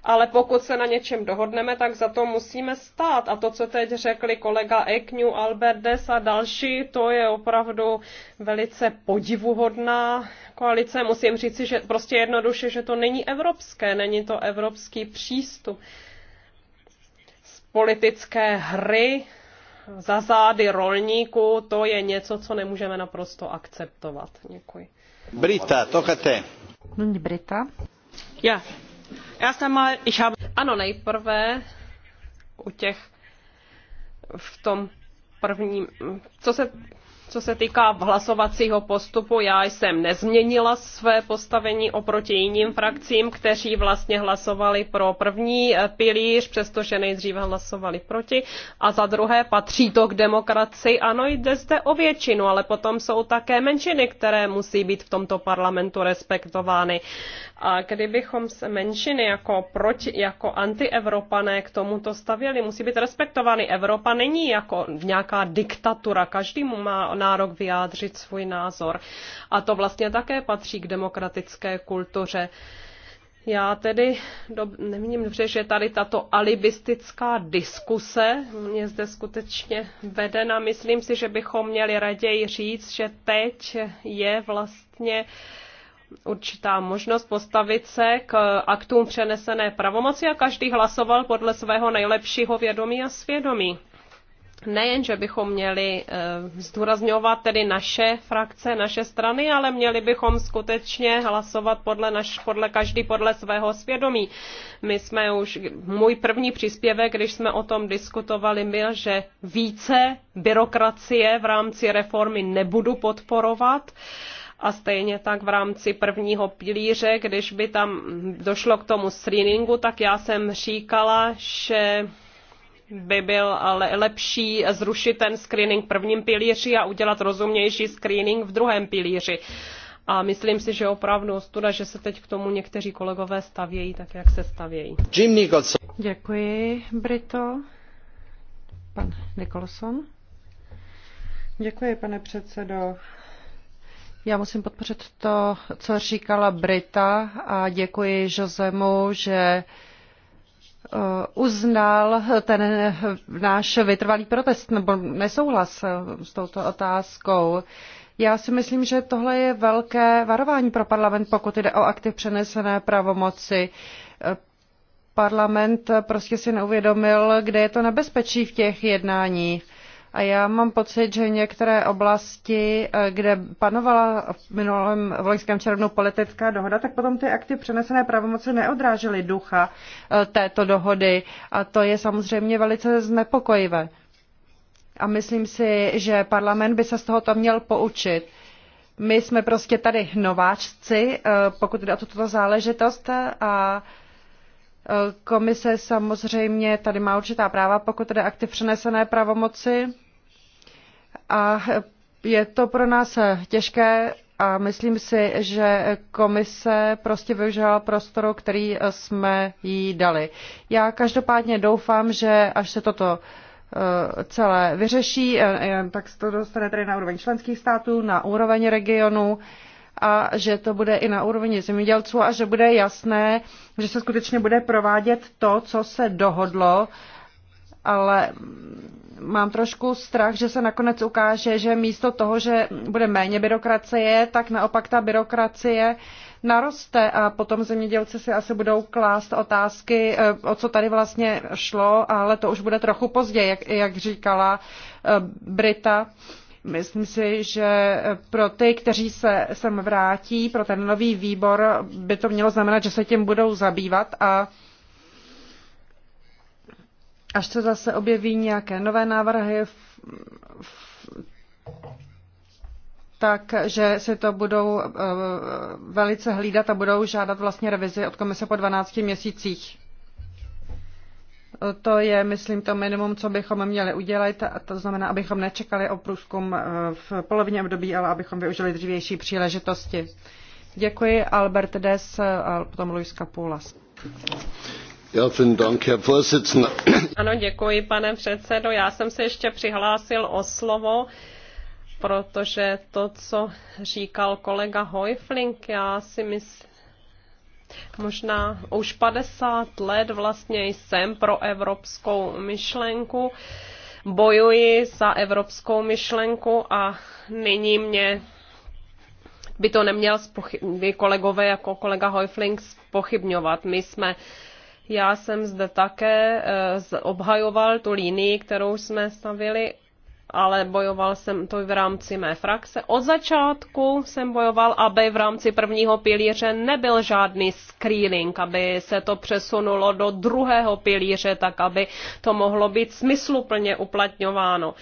Ale pokud se na něčem dohodneme, tak za to musíme stát. A to, co teď řekli kolega Ekňu, Albertes a další, to je opravdu velice podivuhodná koalice. Musím říci, že prostě jednoduše, že to není evropské, není to evropský přístup politické hry za zády rolníků, to je něco, co nemůžeme naprosto akceptovat. Děkuji. Brita, to chcete. Nyní Brita. Já. Já jsem ich habe... Ano, nejprve u těch v tom prvním, co se co se týká hlasovacího postupu, já jsem nezměnila své postavení oproti jiným frakcím, kteří vlastně hlasovali pro první eh, pilíř, přestože nejdříve hlasovali proti. A za druhé patří to k demokracii. Ano, jde zde o většinu, ale potom jsou také menšiny, které musí být v tomto parlamentu respektovány. A kdybychom se menšiny jako, proti, jako antievropané k tomuto stavěli, musí být respektovány. Evropa není jako nějaká diktatura, každý mu má nárok vyjádřit svůj názor. A to vlastně také patří k demokratické kultuře. Já tedy do, nevím dobře, že tady tato alibistická diskuse je zde skutečně vedena. Myslím si, že bychom měli raději říct, že teď je vlastně uh, určitá možnost postavit se k aktům přenesené pravomoci a každý hlasoval podle svého nejlepšího vědomí a svědomí. Nejen, že bychom měli eh, zdůrazňovat tedy naše frakce, naše strany, ale měli bychom skutečně hlasovat podle, naš, podle každý podle svého svědomí. My jsme už, můj první příspěvek, když jsme o tom diskutovali, byl, že více byrokracie v rámci reformy nebudu podporovat a stejně tak v rámci prvního pilíře, když by tam došlo k tomu screeningu, tak já jsem říkala, že by byl ale lepší zrušit ten screening v prvním pilíři a udělat rozumnější screening v druhém pilíři. A myslím si, že opravdu ostuda, že se teď k tomu někteří kolegové stavějí tak, jak se stavějí. Jim Nicholson. Děkuji, Brito. Pan Nicholson. Děkuji, pane předsedo. Já musím podpořit to, co říkala Brita a děkuji Josemu, že eh, uznal ten náš vytrvalý protest nebo nesouhlas s touto otázkou. Já si myslím, že tohle je velké varování pro parlament, pokud jde o aktiv přenesené pravomoci. Eh, parlament prostě si neuvědomil, kde je to nebezpečí v těch jednáních a já mám pocit, že některé oblasti, eh, kde panovala v minulém v loňském červnu politická dohoda, tak potom ty akty přenesené pravomoci neodrážely ducha eh, této dohody. A to je samozřejmě velice znepokojivé. A myslím si, že parlament by se z tohoto měl poučit. My jsme prostě tady nováčci, eh, pokud jde o tuto záležitost a Komise samozřejmě tady má určitá práva, pokud tedy aktiv přenesené pravomoci. A je to pro nás těžké a myslím si, že komise prostě využila prostoru, který jsme jí dali. Já každopádně doufám, že až se toto eh, celé vyřeší, eh, eh, tak se to dostane tady na úroveň členských států, na úroveň regionu a že to bude i na úrovni zemědělců a že bude jasné, že se skutečně bude provádět to, co se dohodlo, ale mám trošku strach, že se nakonec ukáže, že místo toho, že bude méně byrokracie, tak naopak ta byrokracie naroste a potom zemědělci si asi budou klást otázky, eh, o co tady vlastně šlo, ale to už bude trochu později, jak, jak říkala eh, Brita. Myslím si, že pro ty, kteří se sem vrátí, pro ten nový výbor, by to mělo znamenat, že se tím budou zabývat a až se zase objeví nějaké nové návrhy, takže si to budou eh, velice hlídat a budou žádat vlastně revizi od komise po 12 měsících. To je, myslím, to minimum, co bychom měli udělat. A to znamená, abychom nečekali o průzkum e, v polovině období, ale abychom využili dřívější příležitosti. Děkuji, Albert Des e, a potom Luis Capulas. Ano, děkuji, pane předsedo. Já jsem se ještě přihlásil o slovo protože to, co říkal kolega Hojflink, já si myslím, Možná už 50 let vlastně jsem pro evropskou myšlenku, bojuji za evropskou myšlenku a nyní mě by to neměl by kolegové jako kolega Hojfling pochybňovat. My jsme já jsem zde také eh, obhajoval tu linii, kterou jsme stavili ale bojoval jsem to v rámci mé frakce. Od začátku jsem bojoval, aby v rámci prvního pilíře nebyl žádný screening, aby se to přesunulo do druhého pilíře, tak aby to mohlo být smysluplně uplatňováno. Uh,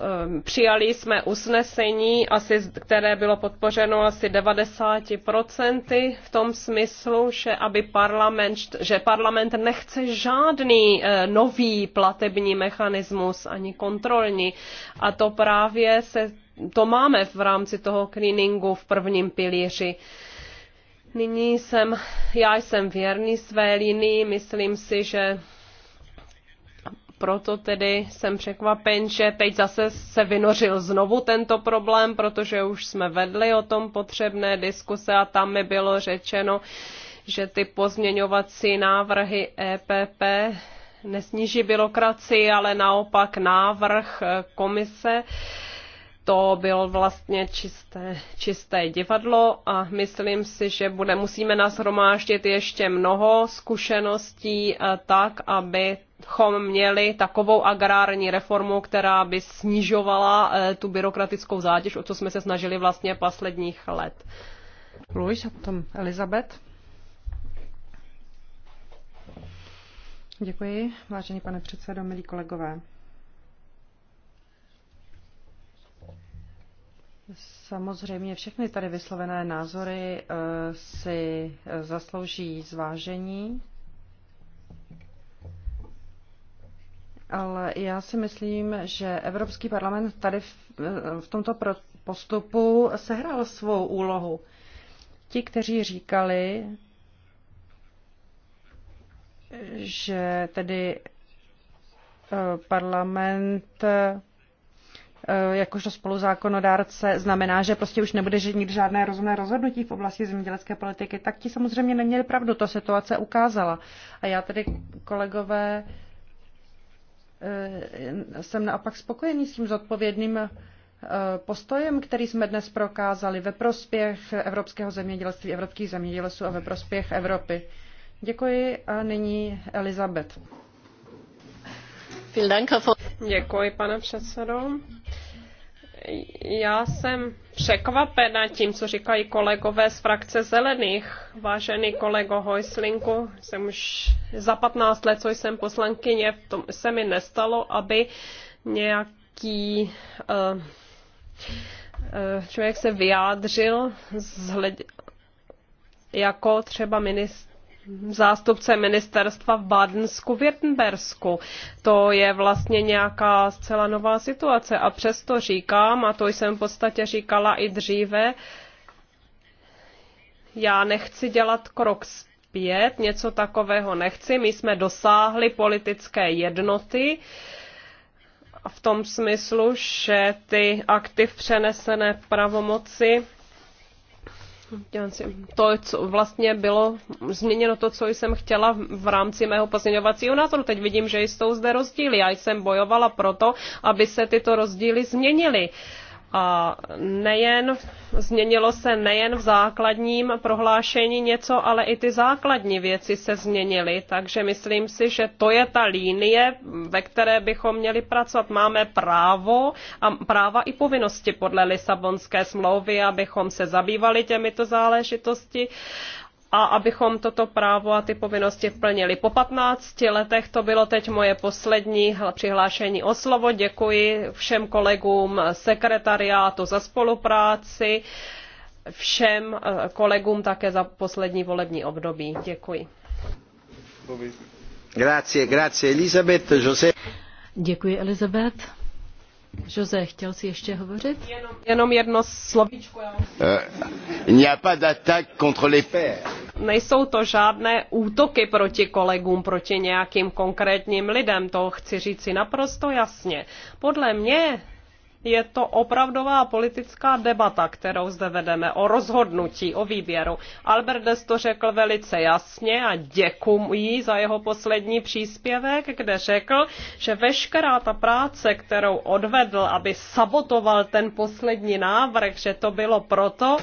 Ehm, přijali jsme usnesení, asi, které bylo podpořeno asi 90% v tom smyslu, že, aby parlament, že parlament nechce žádný eh, nový platební mechanismus ani kontrolní. A to právě se, to máme v rámci toho cleaningu v prvním pilíři. Nyní jsem, já jsem věrný své linii, myslím si, že proto tedy jsem překvapen, že teď zase se vynořil znovu tento problém, protože už jsme vedli o tom potřebné diskuse a tam mi bylo řečeno, že ty pozměňovací návrhy EPP nesníží byrokracii, ale naopak návrh komise to bylo vlastně čisté, čisté divadlo a myslím si, že bude, musíme nashromáždit ještě mnoho zkušeností eh, tak, abychom měli takovou agrární reformu, která by snižovala eh, tu byrokratickou zátěž, o co jsme se snažili vlastně posledních let. Luis a potom Elizabeth. Děkuji, vážený pane předsedo, milí kolegové. Samozřejmě všechny tady vyslovené názory eh, si eh, zaslouží zvážení, ale já si myslím, že Evropský parlament tady v, eh, v tomto postupu sehrál svou úlohu. Ti, kteří říkali, že tedy parlament Eh, jakožto spoluzákonodárce znamená, že prostě už nebude nikdy žádné rozumné rozhodnutí v oblasti zemědělské politiky, tak ti samozřejmě neměli pravdu, to situace ukázala. A já tedy, kolegové, eh, jsem naopak spokojený s tím zodpovědným eh, postojem, který jsme dnes prokázali ve prospěch evropského zemědělství, evropských zemědělců a ve prospěch Evropy. Děkuji a nyní Elizabeth. Děkuji, pane předsedo. Já jsem překvapena tím, co říkají kolegové z frakce Zelených. Vážený kolego Hojslinku, jsem už za 15 let, co jsem poslankyně, v tom se mi nestalo, aby nějaký uh, uh, člověk se vyjádřil z hled... jako třeba ministr zástupce ministerstva v Bádensku-Württembersku. To je vlastně nějaká zcela nová situace a přesto říkám, a to jsem v podstatě říkala i dříve, já nechci dělat krok zpět, něco takového nechci, my jsme dosáhli politické jednoty, v tom smyslu, že ty aktiv přenesené pravomoci to, co vlastně bylo změněno to, co jsem chtěla v rámci mého pozměňovacího názoru. Teď vidím, že jsou zde rozdíly. Já jsem bojovala proto, aby se tyto rozdíly změnily. Uh, a nejen, změnilo se nejen v základním prohlášení něco, ale i ty základní věci se změnily. Takže myslím si, že to je ta línie, ve které bychom měli pracovat. Máme právo a práva i povinnosti podle Lisabonské smlouvy, abychom se zabývali těmito záležitosti a abychom toto právo a ty povinnosti plnili. Po 15 letech to bylo teď moje poslední přihlášení o slovo. Děkuji všem kolegům sekretariátu za spolupráci, všem eh, kolegům také za poslední volební období. Děkuji. Grazie, grazie Elizabeth, José. Děkuji, Elizabeth. Jose, chtěl jsi ještě hovořit? Jenom, jenom jedno slovíčko. Eh, Nejsou to žádné útoky proti kolegům, proti nějakým konkrétním lidem, to chci říci naprosto jasně. Podle mě je to opravdová politická debata, kterou zde vedeme o rozhodnutí, o výběru. Albert Des to řekl velice jasně a děkuji za jeho poslední příspěvek, kde řekl, že veškerá ta práce, kterou odvedl, aby sabotoval ten poslední návrh, že to bylo proto,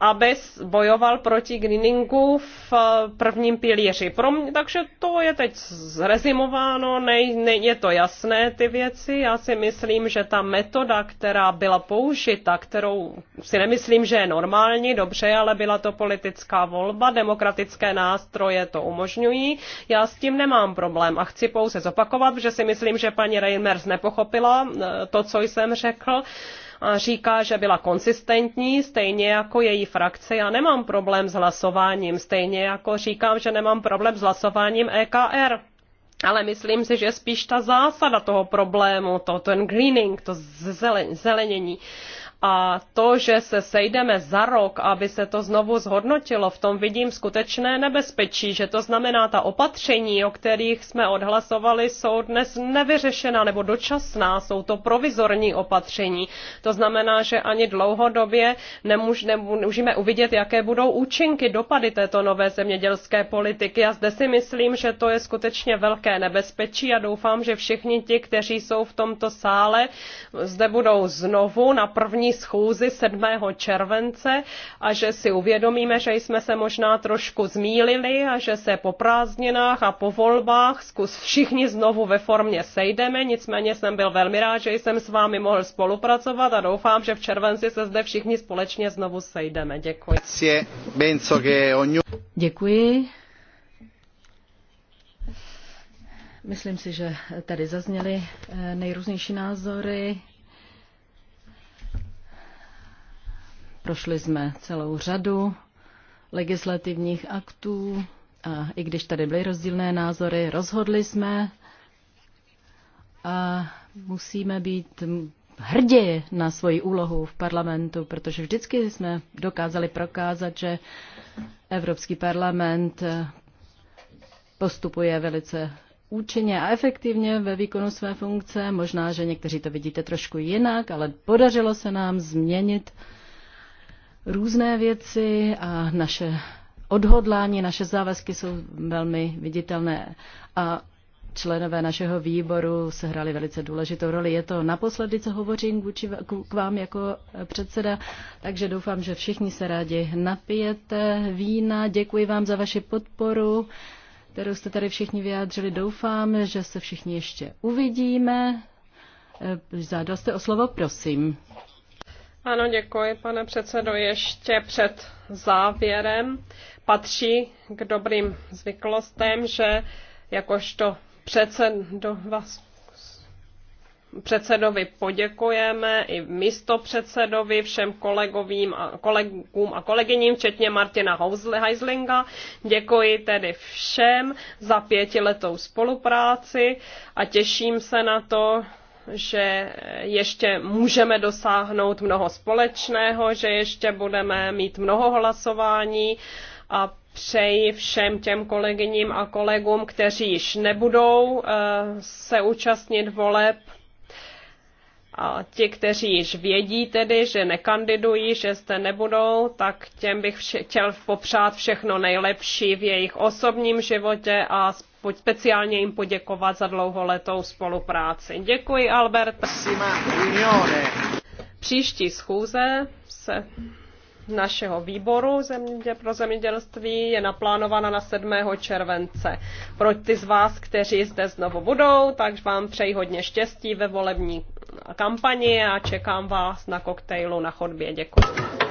aby bojoval proti greeningu v eh, prvním pilíři. Pro mě, takže to je teď zrezimováno, nej, ne, je to jasné ty věci. Já si myslím, že ta metoda, která byla použita, kterou si nemyslím, že je normální, dobře, ale byla to politická volba, demokratické nástroje to umožňují. Já s tím nemám problém a chci pouze zopakovat, že si myslím, že paní Reimers nepochopila eh, to, co jsem řekl a říká, že byla konsistentní, stejně jako její frakce. Já nemám problém s hlasováním, stejně jako říkám, že nemám problém s hlasováním EKR. Ale myslím si, že spíš ta zásada toho problému, to, ten greening, to zelenění, a to, že se sejdeme za rok, aby se to znovu zhodnotilo, v tom vidím skutečné nebezpečí, že to znamená ta opatření, o kterých jsme odhlasovali, jsou dnes nevyřešená nebo dočasná, jsou to provizorní opatření. To znamená, že ani dlouhodobě nemůž, nemůžeme uvidět, jaké budou účinky, dopady této nové zemědělské politiky. A zde si myslím, že to je skutečně velké nebezpečí a doufám, že všichni ti, kteří jsou v tomto sále, zde budou znovu na první schůzi 7. července a že si uvědomíme, že jsme se možná trošku zmílili a že se po prázdninách a po volbách zkus všichni znovu ve formě sejdeme. Nicméně jsem byl velmi rád, že jsem s vámi mohl spolupracovat a doufám, že v červenci se zde všichni společně znovu sejdeme. Děkuji. Děkuji. Myslím si, že tady zazněly eh, nejrůznější názory. Prošli jsme celou řadu legislativních aktů a i když tady byly rozdílné názory, rozhodli jsme a musíme být hrdě na svoji úlohu v parlamentu, protože vždycky jsme dokázali prokázat, že Evropský parlament postupuje velice účinně a efektivně ve výkonu své funkce. Možná, že někteří to vidíte trošku jinak, ale podařilo se nám změnit uh, různé věci a naše odhodlání, naše závazky jsou velmi viditelné a členové našeho výboru se hrali velice důležitou roli. Je to naposledy, co hovořím vůči, k vám jako eh, předseda, takže doufám, že všichni se rádi napijete vína. Děkuji vám za vaši podporu, kterou jste tady všichni vyjádřili. Doufám, že se všichni ještě uvidíme. Zádal eh, jste o slovo, prosím. Ano, děkuji, pane předsedo. Ještě před závěrem patří k dobrým zvyklostem, že jakožto předsedo vás předsedovi poděkujeme i místo předsedovi, všem kolegovým a kolegům a kolegyním, včetně Martina Heislinga. Děkuji tedy všem za pětiletou spolupráci a těším se na to, že ještě můžeme dosáhnout mnoho společného, že ještě budeme mít mnoho hlasování a přeji všem těm kolegyním a kolegům, kteří již nebudou eh, se účastnit voleb, a ti, kteří již vědí tedy, že nekandidují, že zde nebudou, tak těm bych vše, chtěl popřát všechno nejlepší v jejich osobním životě a speciálně jim poděkovat za dlouholetou spolupráci. Děkuji, Albert. Příští schůze se našeho výboru země, pro zemědělství je naplánována na 7. července. Pro ty z vás, kteří zde znovu budou, tak vám přeji hodně štěstí ve volební kampani a čekám vás na koktejlu na chodbě. Děkuji.